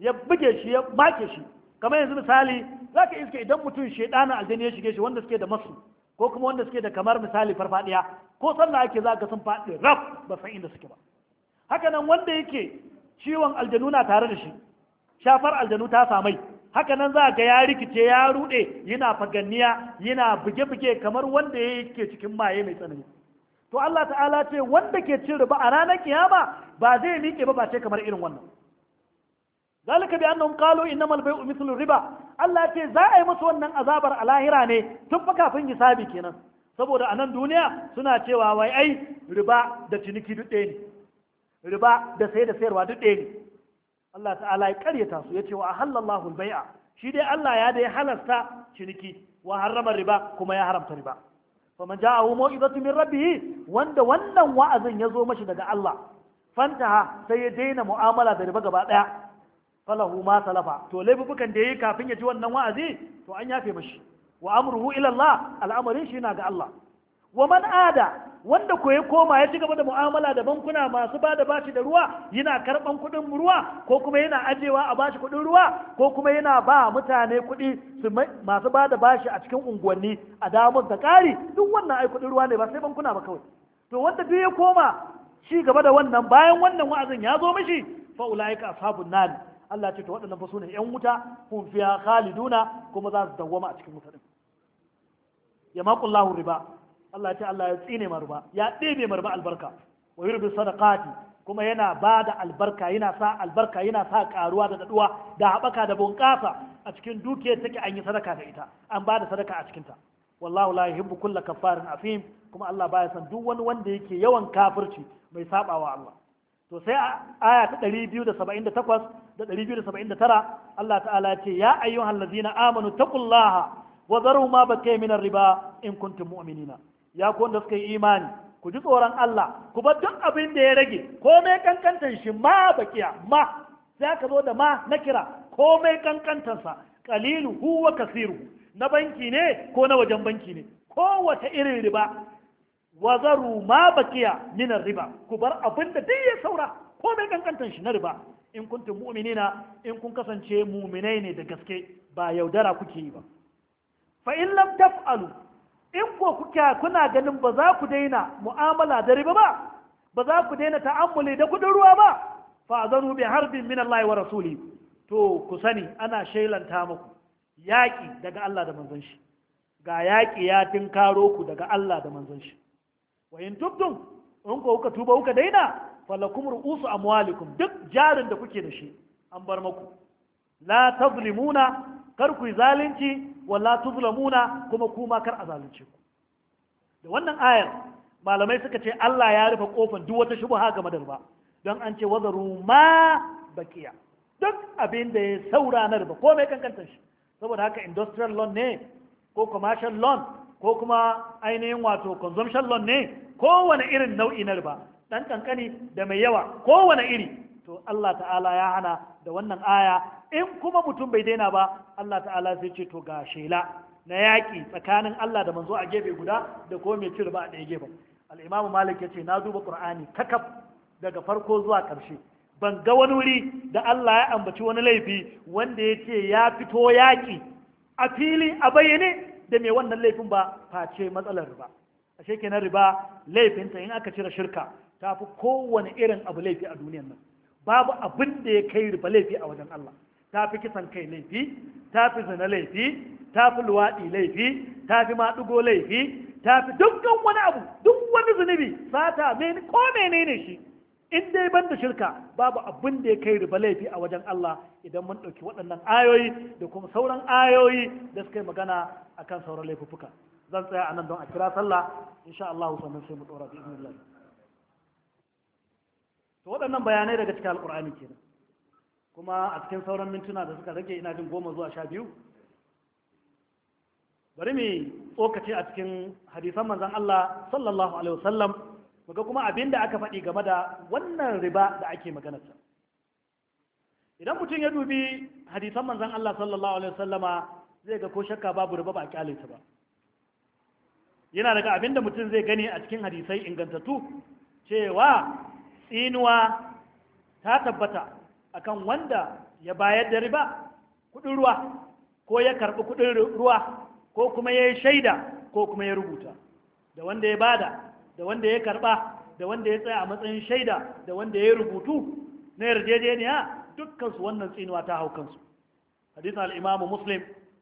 ya buge shi ya make shi kamar yanzu misali za ka iske idan mutum shaidanin aljani ya shige shi wanda suke da masu ko kuma wanda suke da kamar misali farfadiya ko sallah ake za ka sun faɗi rab ba san inda suke ba haka nan wanda yake ciwon aljanu na tare da shi shafar aljanu ta samai haka nan za ga ya rikice ya rude yana faganniya yana buge-buge kamar wanda ke cikin maye mai tsanani to Allah ta'ala ce wanda ke cin riba a ranar kiyama ba zai miƙe ba ba ce kamar irin wannan zalika bi annahum qalu al bay'u mithlu riba Allah ce za a yi musu wannan azabar a lahira ne tun fa kafin hisabi kenan saboda a nan duniya suna cewa wai ai riba da ciniki duk ɗaya ne riba da sai da sayarwa duk ɗaya ne Allah ta'ala ya karyata su ya ce wa halallahu baia shi dai Allah ya da ya halasta ciniki wa harrama riba kuma ya haramta riba faman ja'ahu mau'izatu min rabbih wanda wannan wa'azin ya zo mashi daga Allah fantaha sai ya daina mu'amala da riba gaba daya falahu ma salafa to laifukan da yayi kafin ya ji wannan wa'azi to an yafe mashi wa amruhu ila Allah al'amarin shi na ga Allah wa man ada wanda ko ya koma ya ci gaba da mu'amala da bankuna masu ba da bashi da ruwa yana karban kuɗin ruwa ko kuma yana ajewa a bashi kuɗin ruwa ko kuma yana ba mutane kuɗi masu ba da bashi a cikin unguwanni a damar da ƙari duk wannan ai kuɗin ruwa ne ba sai bankuna ba kawai to wanda duk ya koma ci gaba da wannan bayan wannan wa'azin ya zo mishi fa ulaika ashabun nar Allah ce to waɗannan fa sune ƴan wuta hum fiha khaliduna kuma za su dawwama a cikin wuta din ya maqullahu riba Allah ta Allah ya tsine marba ya ɗebe marba albarka wa yurbi sadaqati kuma yana ba da albarka yana sa albarka yana sa karuwa da daduwa da haɓaka da bunƙasa a cikin dukiyar take an yi sadaka da ita an ba da sadaka a cikinta wallahu la yuhibbu kulla kaffarin afim kuma Allah baya san duk wani wanda yake yawan kafirci mai sabawa Allah to sai aya ta 278 da 279 Allah ta'ala ce ya ayyuhallazina amanu taqullaha wa dharu ma baqiya minar riba in kuntum mu'minina ya ku wanda suka yi imani ku ji tsoron Allah ku bar duk abin da ya rage komai kankantar shi ma bakiya ma za ka zo da ma na kira komai sa kalilu huwa kasiru na banki ne ko na wajen banki ne kowace irin riba wazaru ma bakiya minar riba ku bar abin da duk ya saura komai kankantar shi na riba in kuntum mu'minina in kun kasance mu'minai ne da gaske ba yaudara kuke yi ba fa in lam taf'alu in ko kuka kuna ganin ba za ku daina mu'amala da riba ba ba za ku daina ta'ammuli da kudin ruwa ba fa zanu bi harbin min Allah wa rasuli to ku sani ana shailanta muku yaƙi daga Allah da manzon shi ga yaƙi ya karo ku daga Allah da manzon shi wa in tubtum in ko kuka tuba kuka daina falakum ru'usu amwalikum duk jarin da kuke da shi an bar muku la tazlimuna kar ku zalunci wala tuzlamuna kuma kuma kar a zalunce ku da wannan ayar malamai suka ce Allah ya rufe kofar duk wata shubha game da ruba don an ce wazaru ma bakiya duk abin da ya saura na riba komai kankantar shi saboda haka industrial loan ne ko commercial loan ko kuma ainihin wato consumption loan ne kowane irin nau'i na ruba dan kankani da mai yawa kowane iri to Allah ta'ala ya hana da wannan aya in kuma mutum bai daina ba Allah ta'ala zai ce to ga shela na yaƙi tsakanin Allah da manzo a gefe guda da ko mai cire ba a ɗaya gefen al'imamu malik ya ce na duba ƙur'ani kakaf daga farko zuwa ƙarshe ban ga wani wuri da Allah ya ambaci wani laifi wanda ya ce ya fito yaƙi a fili a bayyane da mai wannan laifin ba face matsalar riba ashe kenan riba laifinta in aka cire shirka ta fi kowane irin abu laifi a duniyar nan babu abin da ya kai riba laifi a wajen Allah ta fi kisan kai laifi ta fi zina laifi ta fi luwaɗi laifi ta fi maɗugo laifi ta fi dukkan wani abu duk wani zunubi sata meni ko menene shi in dai ban da shirka babu abin da ya kai riba laifi a wajen Allah idan mun ɗauki waɗannan ayoyi da kuma sauran ayoyi da suka yi magana akan sauran laifuffuka zan tsaya a nan don a kira sallah insha Allah sannan sai mu ɗora bi waɗannan bayanai daga cikin Alƙur'ani kenan kuma a cikin sauran mintuna da suka rage ina jin goma zuwa sha biyu bari mu tsokace a cikin hadisan manzan Allah sallallahu alaihi wasallam muga kuma abin da aka faɗi game da wannan riba da ake maganarsa idan mutum ya dubi hadisan manzan Allah sallallahu alaihi wasallama zai ga ko shakka babu riba ba a kyale ta ba yana daga abin da mutum zai gani a cikin hadisai ingantattu cewa tsinuwa ta tabbata akan wanda ya bayar da riba kudin ruwa ko ya karbi kudin ruwa ko kuma ya yi shaida ko kuma ya rubuta da wanda ya bada da wanda ya karba da wanda ya tsaya a matsayin shaida da wanda ya rubutu na yarjejeniya dukkansu wannan tsinuwa ta haukansu. kansu hadisin al'imamu muslim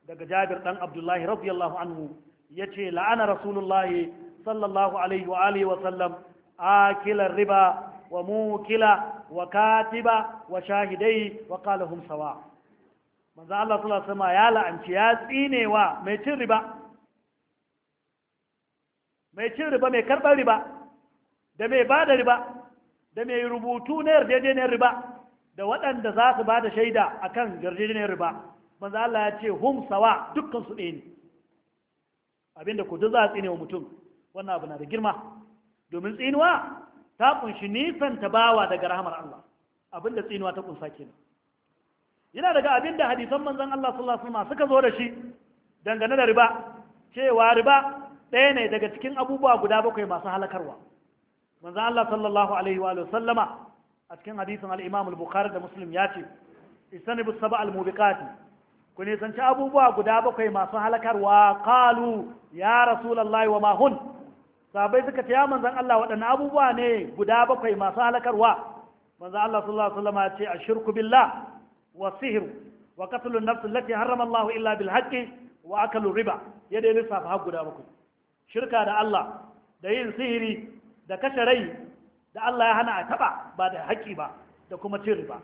daga jabir dan abdullahi radiyallahu anhu ya ce la'ana rasulullahi sallallahu alaihi wa alihi wa sallam akilar riba Wa mukila wa wa shahidai wa هم sawa manzo Allah sallallahu alaihi ya la'anci ya tsinewa mai cin riba mai cin riba mai karbar riba da mai bada riba da mai rubutu na yarjejeniyar riba da waɗanda za su bada shaida akan yarjejeniyar riba manzo Allah ya ce hum sawa dukkan su ɗaya ne abinda ku duk za a tsinewa mutum wannan abu na da girma domin tsinuwa ta kunshi nisan ta bawa daga rahamar Allah abinda tsinuwa ta kunsa kenan yana daga abinda hadisan manzon Allah sallallahu alaihi wasallam suka zo da shi dangane da riba cewa riba ɗaya ne daga cikin abubuwa guda bakwai masu halakarwa manzon Allah sallallahu alaihi wa sallama a cikin hadisin al-Imam al-Bukhari da Muslim ya ce istanibu sab'a mubiqati ku nisanci abubuwa guda bakwai masu halakarwa qalu ya rasulullahi wa ma hun Sabai suka ce ya manzan Allah waɗanne abubuwa ne guda bakwai masu halakarwa manzan Allah sallallahu alaihi wasallam ya ce ashirku billah wa sihr wa qatlun nafs allati harrama Allah illa bil wa akalu riba ya dai lissafa har guda bakwai shirka da Allah da yin sihiri da kashe rai da Allah ya hana a taba ba da haƙƙi ba da kuma cin riba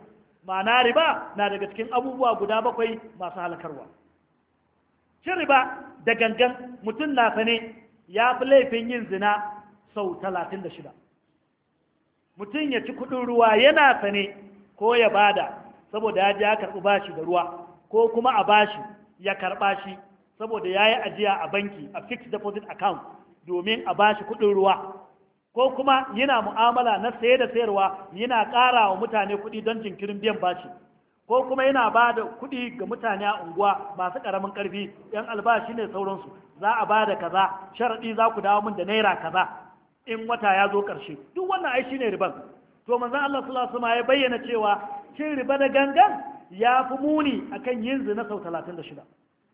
ma'ana riba na daga cikin abubuwa guda bakwai masu halakarwa cin riba da gangan mutum na sane ya fi laifin yin zina sau talatin da shida mutum ya ci kuɗin ruwa yana sane ko ya bada saboda ya ji ya karɓi bashi da ruwa ko kuma a bashi ya karɓa shi saboda ya yi ajiya a banki a fixed deposit account domin a bashi kuɗin ruwa ko kuma yana mu'amala na saye da sayarwa yana ƙara wa mutane kuɗi don jinkirin biyan bashi ko kuma yana ba da kuɗi ga mutane a unguwa masu ƙaramin ƙarfi yan albashi ne sauransu za a ba da kaza sharaɗi za ku dawo min da naira kaza in wata ya zo ƙarshe duk wannan ai shine riban to manzon Allah sallallahu alaihi ya bayyana cewa cin riba da gangan ya fi muni akan yin zina sau 36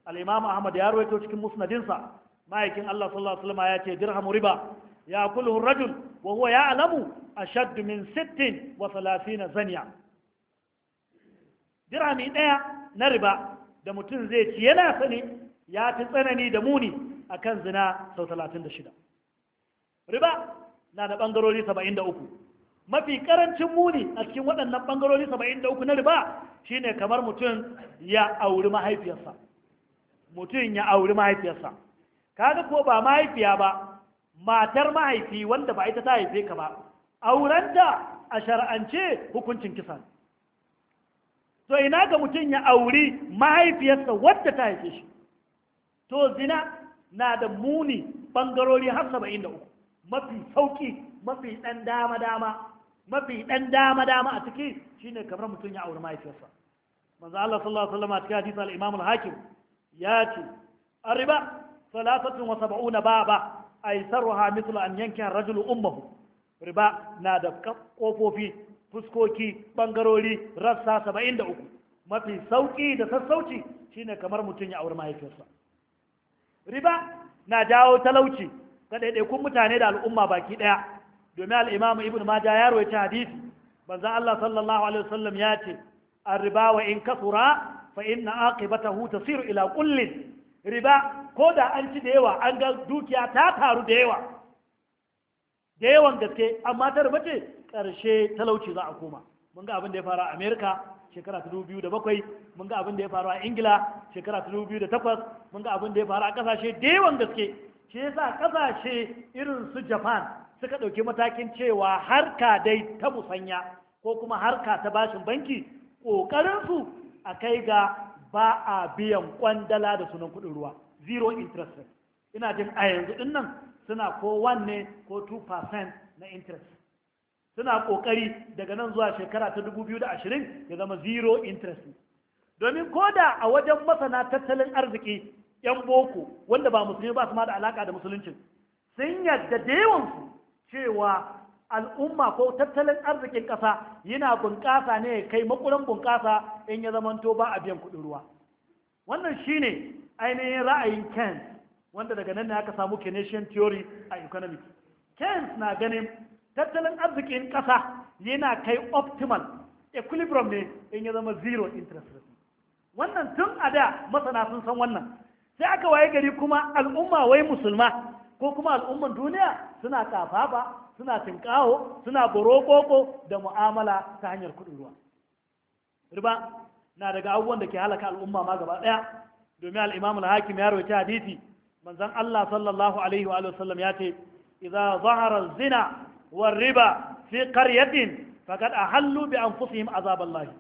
al imamu Ahmad ya rawaito cikin musnadinsa ma'aikin Allah sallallahu alaihi wasallam ya ce dirhamu riba ya kullu rajul wa huwa ya'lamu ashadd min 36 zaniya dirami ɗaya na riba da mutum zai ci yana sani ya fi tsanani da muni a kan zina sau talatin da shida riba na da ɓangarori saba'in da uku mafi ƙarancin muni a cikin waɗannan ɓangarori saba'in da uku na riba shine kamar mutum ya auri mahaifiyarsa mutum ya auri mahaifiyarsa kaga ko ba mahaifiya ba matar mahaifi wanda ba ita ta haife ka ba aurenta a shara'ance hukuncin kisa ne to ina ga mutum ya auri mahaifiyarsa wadda ta haife shi to zina na da muni bangarori har saba'in da uku mafi sauki mafi ɗan dama dama mafi ɗan dama dama a ciki shine kamar mutum ya auri mahaifiyarsa manzo Allah sallallahu alaihi wasallam a cikin hadisi al-Imam al-Hakim ya ce arriba salasatun wa sab'una baba aisarha mithlu an yankiha ar-rajulu ummuhu riba na da kofofi fuskoki bangarori rassa saba'in da uku mafi sauƙi da sassauci shine kamar mutum ya auri mahaifiyarsa. riba na jawo talauci ga ɗaiɗaikun mutane da al'umma baki ɗaya domin al'imamu ibn maja ya rawaita hadisi banza Allah sallallahu alaihi wasallam ya ce arriba wa in kasura fa inna aqibatahu tasiru ila kullin riba ko da an ci da yawa an ga dukiya ta taru da yawa da yawan gaske amma ta riba ƙarshe talauci za a koma mun ga abin da ya faru a amerika shekara ta dubu biyu da bakwai mun ga abin da ya faru a ingila shekara ta dubu biyu da takwas mun ga abin da ya faru a ƙasashe da yawan gaske shi yasa ƙasashe irin su japan suka ɗauki matakin cewa harka dai ta musanya ko kuma harka ta bashin banki su a kai ga ba a biyan kwandala da sunan kuɗin ruwa zero interest ina jin a yanzu ɗin nan suna ko wanne ne ko 2% na interest suna kokari daga nan zuwa shekara ta 2020 ya zama zero interest domin ko da a wajen masana tattalin arziki yan boko wanda ba musulmi ba su ma da alaka da musuluncin sun yadda da su cewa al'umma ko tattalin arzikin ƙasa yana bunƙasa ne kai makulan bunƙasa in ya zama to ba a biyan kuɗin ruwa wannan shine ainihin ra'ayin keynes wanda daga nan ne aka samu keynesian theory a economics keynes na ganin tattalin arzikin ƙasa yana kai optimal equilibrium ne in ya zama zero interest rate wannan tun a da masana sun san wannan sai aka waye gari kuma al'umma wai musulma ko kuma al'umman duniya suna kafafa suna tinkawo suna borokoko da mu'amala ta hanyar kuɗin ruwa riba na daga abubuwan da ke halaka al'umma ma gaba ɗaya domin al'imam al-hakim ya rawaita hadisi manzon Allah sallallahu alaihi wa sallam ya ce idza zahara zina riba والربا في قرية فقد أحلوا yin azabar الله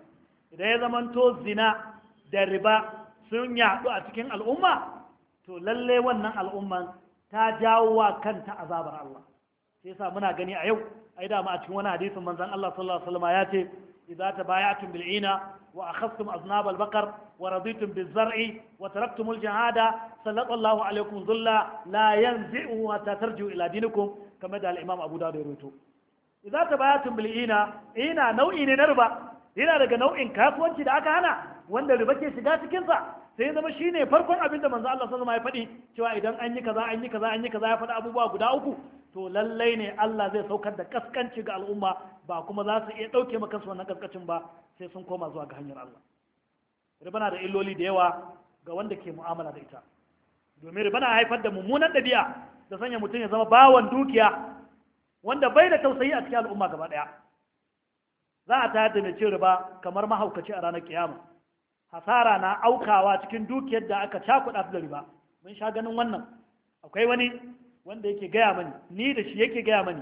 Idan ya تو zina da riba sun yaɗu a cikin al'umma to lallai wannan al'umman ta jawo wa kanta azabar Allah sai yasa muna gani a yau ai da ma a cikin wani hadisin manzon Allah sallallahu alaihi ya ce idza tabayatum bil ina وأخذتم أذناب البقر ورضيتم بالزرع وتركتم الجهاد سلط الله عليكم ظلا لا ينزعه حتى ترجعوا إلى دينكم كما دعا الإمام أبو داود يرويته إذا تبايعتم بالإينا إينا نوعين نربا yana daga nau'in kasuwanci da aka hana wanda riba ke shiga cikinsa sai ya shi ne farkon abin da manzo Allah sallallahu alaihi wasallam faɗi cewa idan an yi kaza an yi kaza an yi kaza ya faɗi abubuwa guda uku to lallai ne Allah zai saukar da kaskanci ga al'umma ba kuma za su iya ɗauke maka su wannan kaskancin ba sai sun koma zuwa ga hanyar Allah riba na da illoli da yawa ga wanda ke mu'amala da ita domin riba na haifar da mummunan ɗabi'a da sanya mutum ya zama bawan dukiya wanda bai da tausayi a cikin al'umma gaba ɗaya za a tayar da mai cin riba kamar mahaukaci a ranar kiyama hasara na aukawa cikin dukiyar da aka cakuɗa da riba mun sha ganin wannan akwai wani wanda yake gaya mani ni da shi yake gaya mani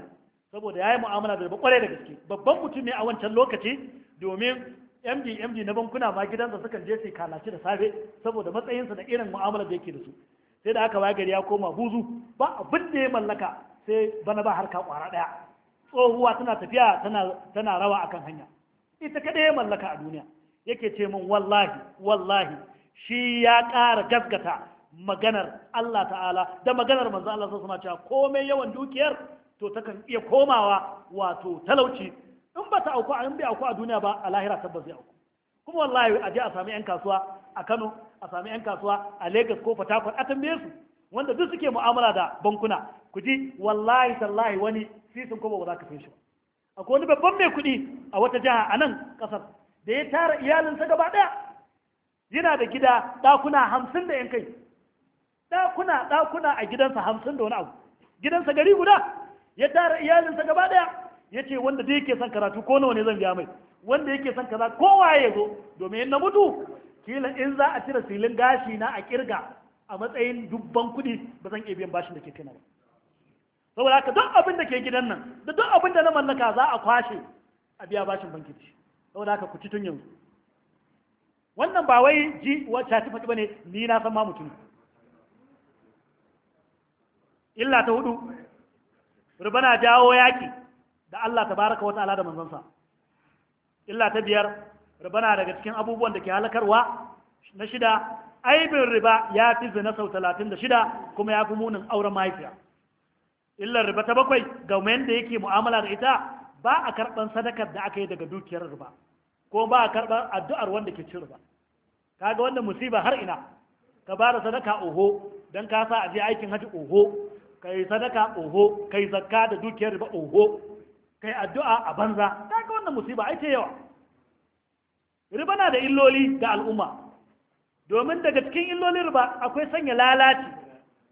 saboda ya yi mu'amala da riba kwarai da gaske babban mutum ne a wancan lokaci domin md md na bankuna ma gidansa sukan je su kalaci da safe saboda matsayinsa da irin mu'amalar da yake da su sai da aka ba gari ya koma buzu ba abin da ya mallaka sai bana ba harka kwara daya tsohuwa tana tafiya tana rawa akan hanya ita kadai ya mallaka a duniya yake ce min wallahi wallahi shi ya ƙara gaskata maganar Allah ta'ala da maganar manzo Allah sallallahu alaihi cewa komai yawan dukiyar to takan iya komawa wato talauci in ba ta auku an bai auku a duniya ba a lahira tabbas zai auku kuma wallahi a je a sami yan kasuwa a Kano a sami yan kasuwa a Lagos ko Port Harcourt a tambaye su wanda duk suke mu'amala da bankuna ku ji wallahi tallahi wani sisin ko ba za ka san shi ba akwai wani babban mai kuɗi a wata jiha a nan kasar da ya tara iyalinsa gaba ɗaya yana da gida ɗakuna hamsin da yan kai ɗakuna ɗakuna a gidansa hamsin da wani abu gidansa gari guda ya tara iyalinsa gaba ɗaya ya ce wanda da yake son karatu ko nawa ne zan biya mai wanda yake son kaza kowa ya zo domin na mutu kila in za a cire silin gashi na a kirga a matsayin dubban kuɗi ba zan iya biyan bashin da ke kina ba saboda haka duk abin da ke gidan nan da duk abin da na mallaka za a kwashe a biya bashin banki ci saboda haka ku ci tun yanzu wannan ba wai ji wacce ta faɗi bane ni na san ma mutum illa ta hudu rubana jawo yaki da Allah tabaraka wa ta'ala da manzansa illa ta biyar riba na daga cikin abubuwan da ke halakarwa na shida aibin riba ya fi zina sau talatin da shida kuma ya fi munin auren mahaifiya illar riba ta bakwai ga da yake mu'amala da ita ba a karɓar sadakar da aka yi daga dukiyar riba ko ba a karɓar addu'ar wanda ke cin riba kaga wannan musiba har ina ka ba da sadaka oho don ka sa a je aikin haji oho ka yi sadaka oho ka yi zakka da dukiyar riba oho kai addu'a a banza ta ga wannan musiba ai ta yawa riba na da illoli ga al'umma domin daga cikin illolin riba akwai sanya lalaci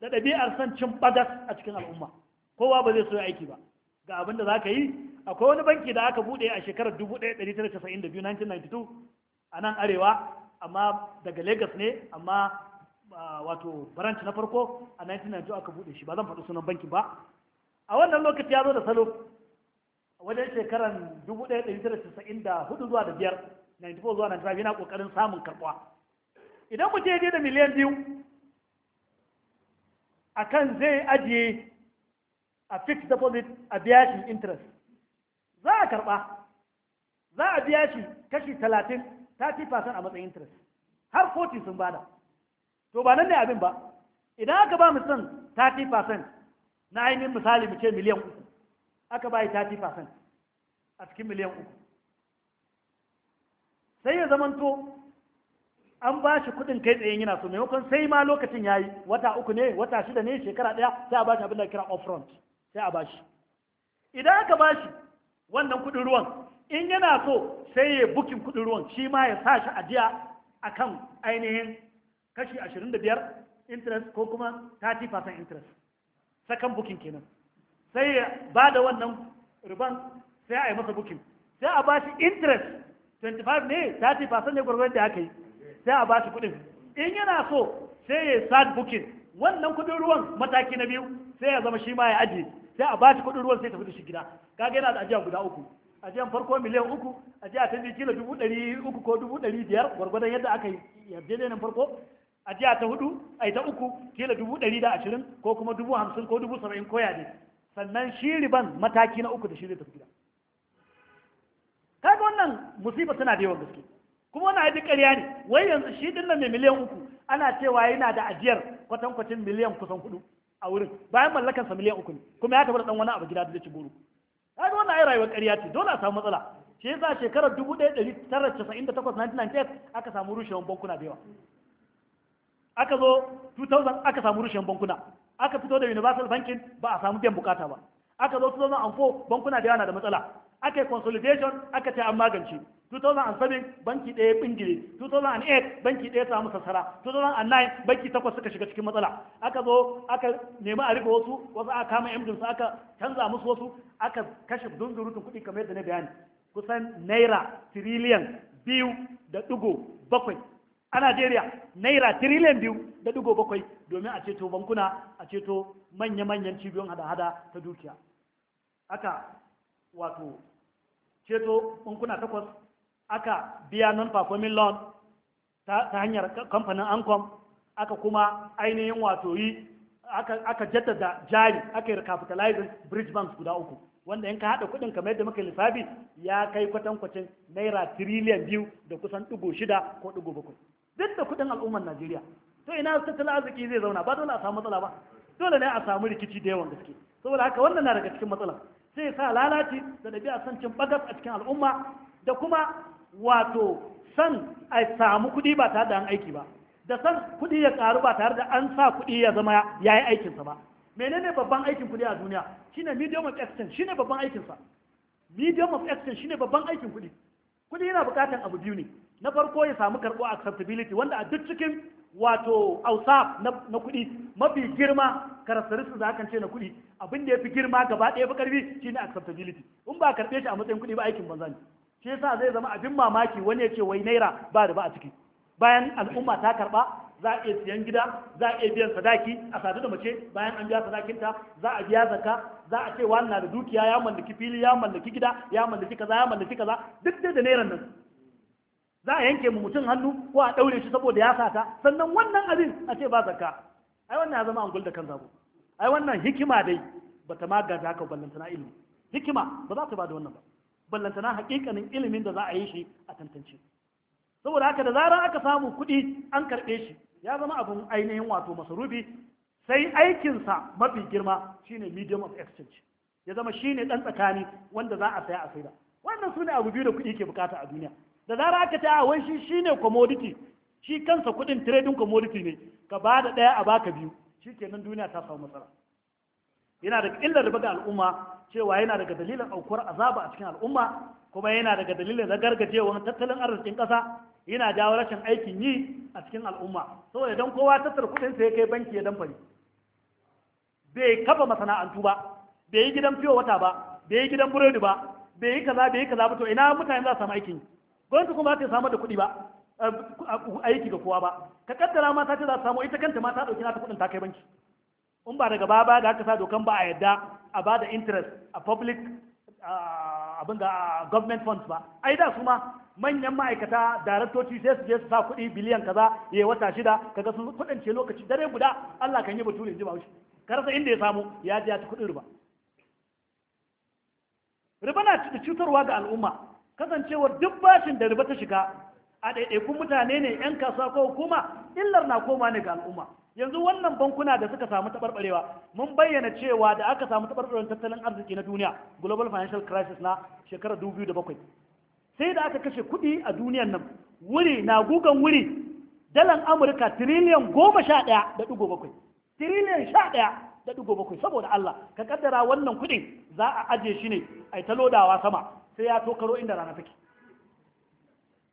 da ɗabi'ar san cin bagas a cikin al'umma kowa ba zai so aiki ba ga abin da za ka yi akwai wani banki da aka buɗe a shekarar 1992 1992 a nan arewa amma daga lagos ne amma wato branch na farko a 1992 aka buɗe shi ba zan faɗi sunan banki ba a wannan lokaci ya zo da salo wajen shekaran 1994 zuwa da biyar 94 zuwa 95 yana kokarin samun karbuwa idan ku ya je da miliyan biyu a kan zai ajiye a fixed deposit a biya shi interest za a karba za a biya shi kashi 30 30% a matsayin interest har 40 sun bada to ba nan ne abin ba idan aka ba mutum 30% na ainihin misali mu ce miliyan uku aka bayi 30% a cikin miliyan uku sai ya zamanto an ba shi kudin kai tsaye yana so maimakon sai ma lokacin ya yi wata uku ne wata shida ne shekara ɗaya sai a ba shi abin da kira off sai a ba shi idan aka ba shi wannan kudin ruwan in yana so sai ya bukin kudin ruwan shi ma ya sa shi ajiya a kan ainihin kashi 25 interest ko kuma 30% interest sakan bukin kenan sai ya ba da wannan riban sai a yi masa bukin sai a ba shi interest 25 ne 30% ne gwargwar da aka yi sai a ba shi kudin in yana so sai ya sad bukin wannan kudin ruwan mataki na biyu sai ya zama shi ma ya ajiye sai a ba shi kudin ruwan sai tafi da shi gida kage yana da ajiya guda uku ajiyan farko miliyan uku ajiya ta biyu kilo dubu ɗari uku ko dubu ɗari biyar gwargwadon yadda aka yi nan farko ajiya ta hudu ai ta uku kila dubu ɗari da ashirin ko kuma dubu hamsin ko dubu saba'in koya ne sannan shi riban mataki na uku da shi zai tafi gida kaga wannan musiba tana da yawan gaske kuma wannan abin ƙarya ne wai yanzu shi din nan mai miliyan uku ana cewa yana da ajiyar kwatankwacin miliyan kusan kudu a wurin bayan sa miliyan uku ne kuma ya tafi da dan wani abu gida da zai ci goro kaga wannan ai rayuwar ƙarya ce dole a samu matsala shi yasa shekarar 1998 aka samu rushewar bankuna da yawa aka zo 2000 aka samu rushewar bankuna aka fito da universal banking ba a samu biyan bukata ba aka zo 2004 bankuna da yana da matsala aka yi consolidation aka ta an magance 2007 banki ɗaya bingire 2008 banki ɗaya samu sassara 2009 banki takwas suka shiga cikin matsala aka zo aka nemi a rika wasu wasu aka kama yan su aka canza musu wasu aka kashe dungurutun kuɗi kamar yadda na bayani kusan naira tiriliyan biyu da ɗigo bakwai a Najeriya naira tiriliyan biyu da dugo bakwai domin a ceto bankuna a ceto manya-manyan cibiyon hada-hada ta dukiya aka wato ceto bankuna takwas aka biya non-performing loan ta hanyar kamfanin ancom aka kuma ainihin wato yi aka jaddada jari aka yi capitalizing bridge banks guda uku wanda yanka ka haɗa kuɗin kamar yadda muka lissafi ya kai kwatankwacin naira tiriliyan biyu da kusan ɗigo shida ko ɗigo bakwai duk da kuɗin al'ummar Najeriya to ina tattalin arziki zai zauna ba dole a samu matsala ba dole ne a samu rikici da yawan gaske saboda haka wannan na daga cikin matsala sai sa lalaci da dabi'a san cin bagas a cikin al'umma da kuma wato san a samu kuɗi ba tare da an aiki ba da san kuɗi ya karu ba tare da an sa kuɗi ya zama ya yi aikinsa ba menene babban aikin kuɗi a duniya shine medium of exchange shine babban aikinsa medium of exchange shine babban aikin kuɗi kuɗi yana buƙatar abu biyu ne na farko ya samu karɓo acceptability wanda a duk cikin wato ausaf na kuɗi mafi girma karasarisu da kan ce na kuɗi abin da ya fi girma gaba ɗaya fi ƙarfi ne acceptability in ba karɓe shi a matsayin kuɗi ba aikin banza ne shi yasa zai zama abin mamaki wani ya ce wai naira ba da ba a ciki bayan al'umma ta karɓa za a iya siyan gida za a iya biyan sadaki a sadu da mace bayan an biya sadakinta za a biya zaka za a ce wani na da dukiya ya mallaki fili ya mallaki gida ya mallaki kaza ya mallaki kaza duk da naira nan za a yanke mu mutum hannu ko a ɗaure shi saboda ya sata sannan wannan abin a ce ba zakka ai wannan ya zama angul da kan zabo ai wannan hikima dai bata ma ga haka ballantana ilimi hikima ba za ta ba da wannan ba ballantana hakikanin ilimin da za a yi shi a tantance saboda haka da zarar aka samu kuɗi an karɓe shi ya zama abin ainihin wato masarufi sai aikinsa mafi girma shine medium of exchange ya zama shine ɗan tsakani wanda za a saya a saida wannan su ne abu biyu da kuɗi ke bukata a duniya da zara aka ce a ah, wai shi shine commodity shi kansa kudin trading commodity ne ka ba da daya a baka biyu shi nan duniya ta samu matsala yana daga illar da ga al'umma cewa yana daga dalilin aukuwar azaba a cikin al'umma kuma yana daga dalilin wani tattalin arzikin kasa yana jawo rashin aikin yi a cikin al'umma saboda don kowa tattar kuɗin ya kai banki ya damfari bai kafa masana'antu ba bai yi gidan fiyo wata ba bai yi gidan burodi ba bai yi kaza bai yi kaza ba to ina mutane za su samu aikin yi gwamnati kuma ta samu da kuɗi ba eh, aiki ga kowa ba ka kaddara mata ce za su samu ita kanta mata ɗauki nata kuɗin ta kai banki in ba daga ba da aka sa dokan ba a yadda a ba da interest a public abin da government funds ba ai da su ma manyan ma'aikata daraktoci sai su je su sa kuɗi biliyan kaza ya yi wata shida kaga sun kuɗin ce lokaci dare guda Allah kan yi bature ji bahaushe karasa inda ya samu ya ji ya ci kuɗin riba riba na cutarwa ga al'umma kasancewar duk bashin da riba ta shiga a ɗaiɗaikun mutane ne 'yan kasuwa ko hukuma illar na koma ne ga al'umma yanzu wannan bankuna da suka samu taɓarɓarewa mun bayyana cewa da aka samu taɓarɓarewar tattalin arziki na duniya global financial crisis na shekarar 2007 sai da aka kashe kuɗi a duniyan nan wuri na gugan wuri dalan amurka tiriliyan goma sha ɗaya da ɗigo bakwai tiriliyan sha ɗaya da ɗigo bakwai saboda allah ka kaddara wannan kuɗin za a ajiye shi ne a ta lodawa sama sai ya karo inda rana take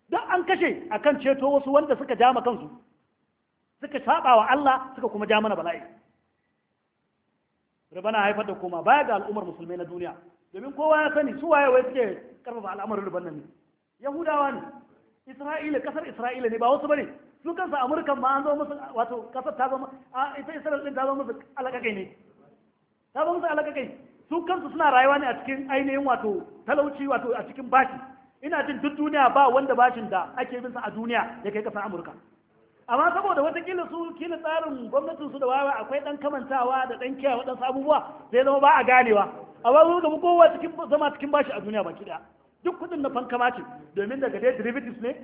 don an kashe akan ceto wasu wanda suka jama kansu suka saba wa Allah suka kuma ja mana bala'i rubana haifar da koma baya ga al'ummar musulmai na duniya domin kowa ya sani su waye wai suke karfafa al'amarin riban ne yahudawa ne isra'ila kasar isra'ila ne ba wasu bane su kansu amurkan ma an zo musu wato kasar ta zama ita isra'ila ta zama musu alakakai ne ta zama musu alakakai su kansu suna rayuwa ne a cikin ainihin wato talauci wato a cikin bashi ina jin duk duniya ba wanda bashin da ake bin a duniya ya kai kasar amurka amma saboda wata su kila tsarin gwamnatin su da wawa akwai dan kamantawa da dan kiyaye waɗansu abubuwa sai zama ba a ganewa amma mun ga kowa cikin zama cikin bashi a duniya baki daya duk kudin na fanka mace domin daga dai derivatives ne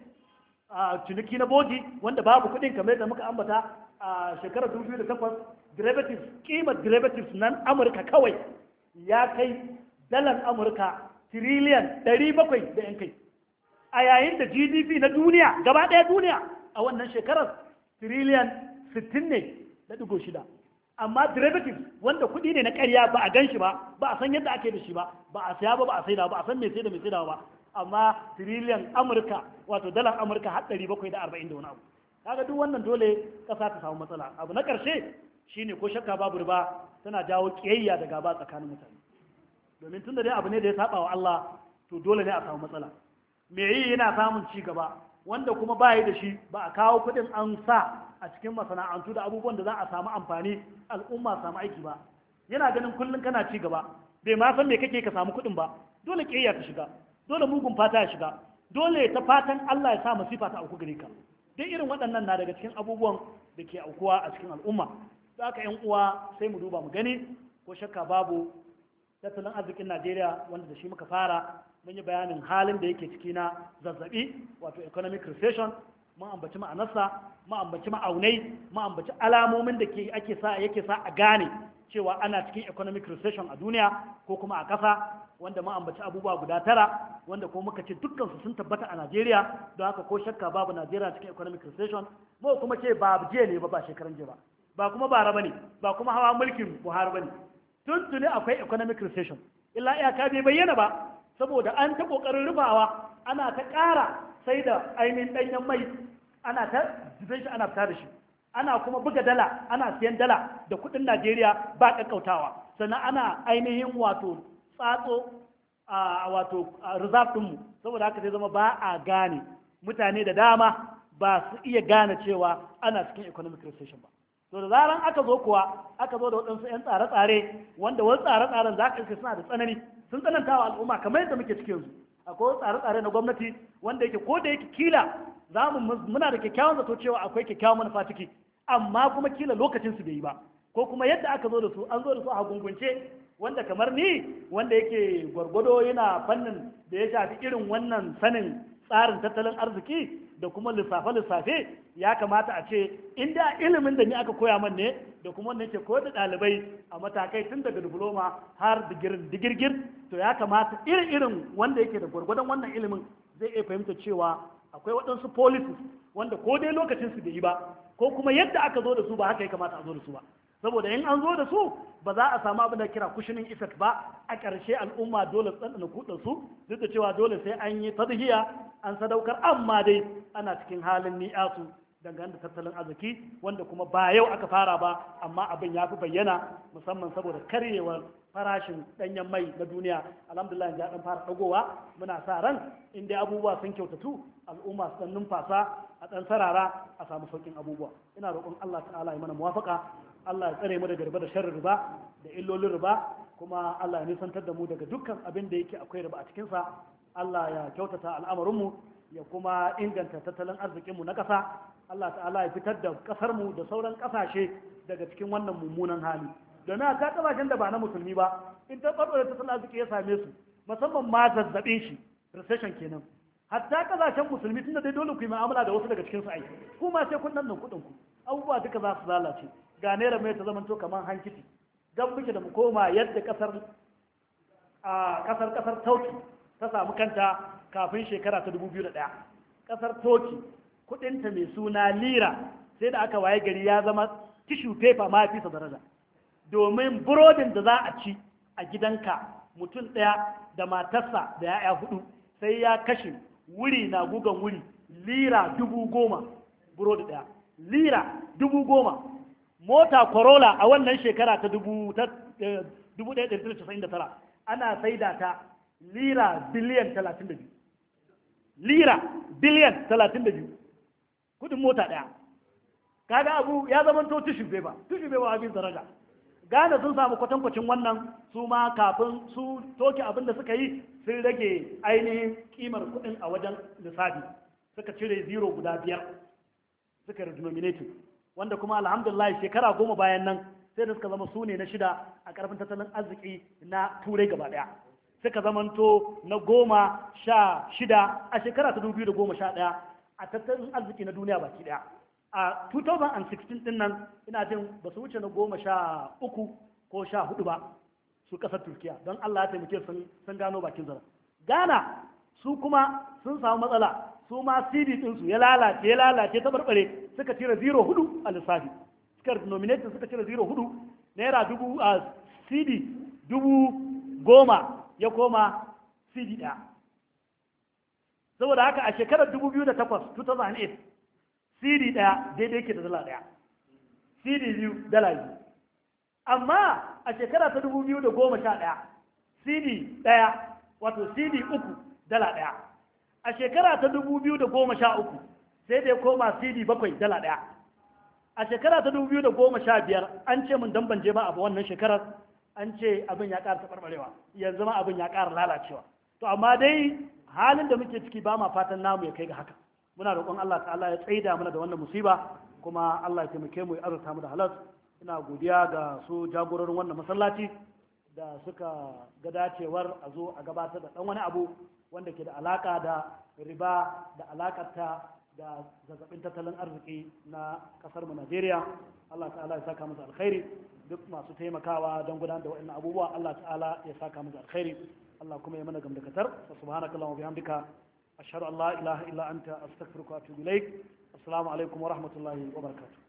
a ciniki na bogi wanda babu kudin kamar da muka ambata a shekarar 2008 derivatives kimar derivatives nan amurka kawai ya kai dalar amurka tiriliyan 700 da yan kai a yayin da gdp na duniya gaba ɗaya duniya a wannan shekarar tiriliyan 60 ne da digo shida amma derivative wanda kuɗi ne na ƙarya ba a gan shi ba ba a san yadda ake da shi ba ba a saya ba ba a saida ba a san mai saida mai saida ba amma tiriliyan amurka wato dalar amurka har 740 da wani abu kaga duk wannan dole kasa ta samu matsala abu na ƙarshe Shi ne ko shakka babu riba tana jawo kiyayya da gaba tsakanin mutane domin tun da dai abu ne da ya saba wa Allah to dole ne a samu matsala me yi yana samun ci gaba wanda kuma ba yi da shi ba a kawo kuɗin an sa a cikin masana'antu da abubuwan da za a samu amfani al'umma samu aiki ba yana ganin kullum kana ci gaba bai ma san me kake ka samu kuɗin ba dole kiyayya ta shiga dole mugun fata ya shiga dole ta fatan Allah ya sa masifa ta auku gare ka duk irin waɗannan na daga cikin abubuwan da ke aukuwa a cikin al'umma zaka yan uwa sai mu duba mu gani ko shakka babu tattalin arzikin Najeriya wanda da shi muka fara mun yi bayanin halin da yake ciki na zazzabi wato economic recession mun ambaci ma'anarsa mun ambaci ma'aunai mun ambaci alamomin da ke ake sa yake sa a gane cewa ana cikin economic recession a duniya ko kuma a kasa wanda mun ambaci abubuwa guda tara wanda ko muka ce dukkan su sun tabbata a Najeriya don haka ko shakka babu Najeriya cikin economic recession mu kuma ce ba jiya ne ba ba shekaran jiya ba ba kuma bara bane ba kuma hawa mulkin buhari bane tuntuni akwai economic recession illa iyaka bai bayyana ba saboda an ta kokarin rufawa ana ta ƙara sai da ainihin danyen mai ana ta jibin shi ana fita da shi ana kuma buga dala ana siyan dala da kuɗin najeriya ba ƙaƙƙautawa sannan ana ainihin wato tsatso a wato reserve ɗinmu saboda haka zai zama ba a gane mutane da dama ba su iya gane cewa ana cikin economic recession ba to da zaran aka zo kuwa aka zo da waɗansu 'yan tsare-tsare wanda wani tsare-tsaren za ka suna da tsanani sun tsananta wa al'umma kamar yadda muke cikin su akwai wasu tsare-tsare na gwamnati wanda yake ko da yake kila za mu muna da kyakkyawan zato cewa akwai kyakkyawan manufa ciki amma kuma kila lokacin su bai yi ba ko kuma yadda aka zo da su an zo da su a gungunce wanda kamar ni wanda yake gwargwado yana fannin da ya shafi irin wannan sanin tsarin tattalin arziki da kuma lissafe-lissafe ya kamata a ce inda ilimin da ni aka koya man ne da kuma nake ke ko da ɗalibai a matakai tun daga diploma har digirin digirgir to ya kamata irin-irin wanda yake da gwargwadon wannan ilimin zai iya fahimta cewa akwai waɗansu policies wanda ko dai lokacin su bai yi ba ko kuma yadda aka zo da su ba haka ya kamata a zo da su ba saboda in an zo da su ba za a samu abin da kira kushinin effect ba a ƙarshe al'umma dole tsantsana kudin su duk da cewa dole sai an yi tadhiya an sadaukar amma dai ana cikin halin ni'asu dangane da tattalin arziki wanda kuma ba yau aka fara ba amma abin ya fi bayyana musamman saboda karyewar farashin danyen mai na duniya alhamdulillah ya dan fara dagowa muna sa ran in dai abubuwa sun kyautatu al'umma su dan numfasa a dan sarara a samu saukin abubuwa ina roƙon Allah ta'ala ya mana muwafaka Allah ya tsare mu daga riba da sharri riba da illolin riba kuma Allah ya nisantar da mu daga dukkan abin da yake akwai riba a cikin sa Allah ya kyautata al'amarinmu ya kuma inganta tattalin arzikinmu na ƙasa Allah ta'ala ya fitar da ƙasarmu da sauran ƙasashe daga cikin wannan mummunan hali domin a ƙasashen da ba na musulmi ba in ta da tattalin arziki ya same su musamman ma zazzaɓe shi recession kenan hatta ƙasashen musulmi tunda dai dole ku yi mu'amala da wasu daga cikin su ai ku ma sai kun nan kuɗin ku abubuwa duka za su lalace ga naira mai ta zamanto kamar hankiti don muke da mu koma yadda ƙasar a ƙasar ƙasar tauki ta samu kanta kafin shekara ta 2001 kasar toki kudinta mai suna lira sai da aka waye gari ya zama tishu paper ma fi daraja domin burodin da za a ci a gidanka mutum ɗaya da matarsa da ya'ya hudu sai ya kashe wuri na gugan wuri lira dubu goma burodi ɗaya lira dubu goma mota corolla a wannan shekara ta dubu ta 1999 eh, ana saida ta lira biliyan 32 lira biliyan 32 kudin mota daya kaga abu ya zama to tushin beba tushin beba abin daraja gane sun samu kwatankwacin wannan su ma kafin su toke abin da suka yi sun rage ainihin kimar kudin a wajen lissafi suka cire zero guda biyar suka redenominating wanda kuma alhamdulillah shekara goma bayan nan sai da suka zama su ne na shida a karfin tattalin arziki na turai gaba daya suka zamanto na goma sha shida a shekara ta dubu da goma sha ɗaya a tattalin arziki na duniya baki ɗaya a 2016 ɗin nan ina jin ba su wuce na goma sha uku ko sha hudu ba su ƙasar turkiya don allah ya taimake sun gano bakin zara ghana su kuma sun samu matsala su ma cd ɗinsu ya lalace ya lalace ta barbare suka cire zero hudu a lissafi suka nominatin suka cire zero hudu naira dubu a cd dubu goma ya koma cd ɗaya saboda haka a shekarar 2008 2008 cd ɗaya daidai ke da dala ɗaya cd biyu dala biyu amma a shekara ta 2011 cd ɗaya wato cd uku dala ɗaya a shekara ta 2013 sai dai koma cd bakwai dala ɗaya a shekara ta 2015 an ce mun damban ban je ba a wannan shekarar an ce abin ya ƙara taɓarɓarewa yanzu ma abin ya ƙara lalacewa to amma dai halin da muke ciki ba ma fatan namu ya kai ga haka muna roƙon Allah ta'ala ya tsaida mana da wannan musiba kuma Allah ya taimake mu ya azurta mu da halal ina godiya ga su jagororin wannan masallaci da suka ga dacewar a zo a gabatar da ɗan wani abu wanda ke da alaƙa da riba da ta da zazzabin tattalin arziki na ƙasarmu Najeriya Allah ta'ala ya saka masa alkhairi duk masu taimakawa don gudanar da waɗannan abubuwa Allah ta'ala ya saka musu alkhairi Allah kuma ya mana gamdakatar subhanakallahumma bihamdika ashhadu an la ilaha illa anta astaghfiruka wa atubu ilaik assalamu alaikum wa rahmatullahi wa barakatuh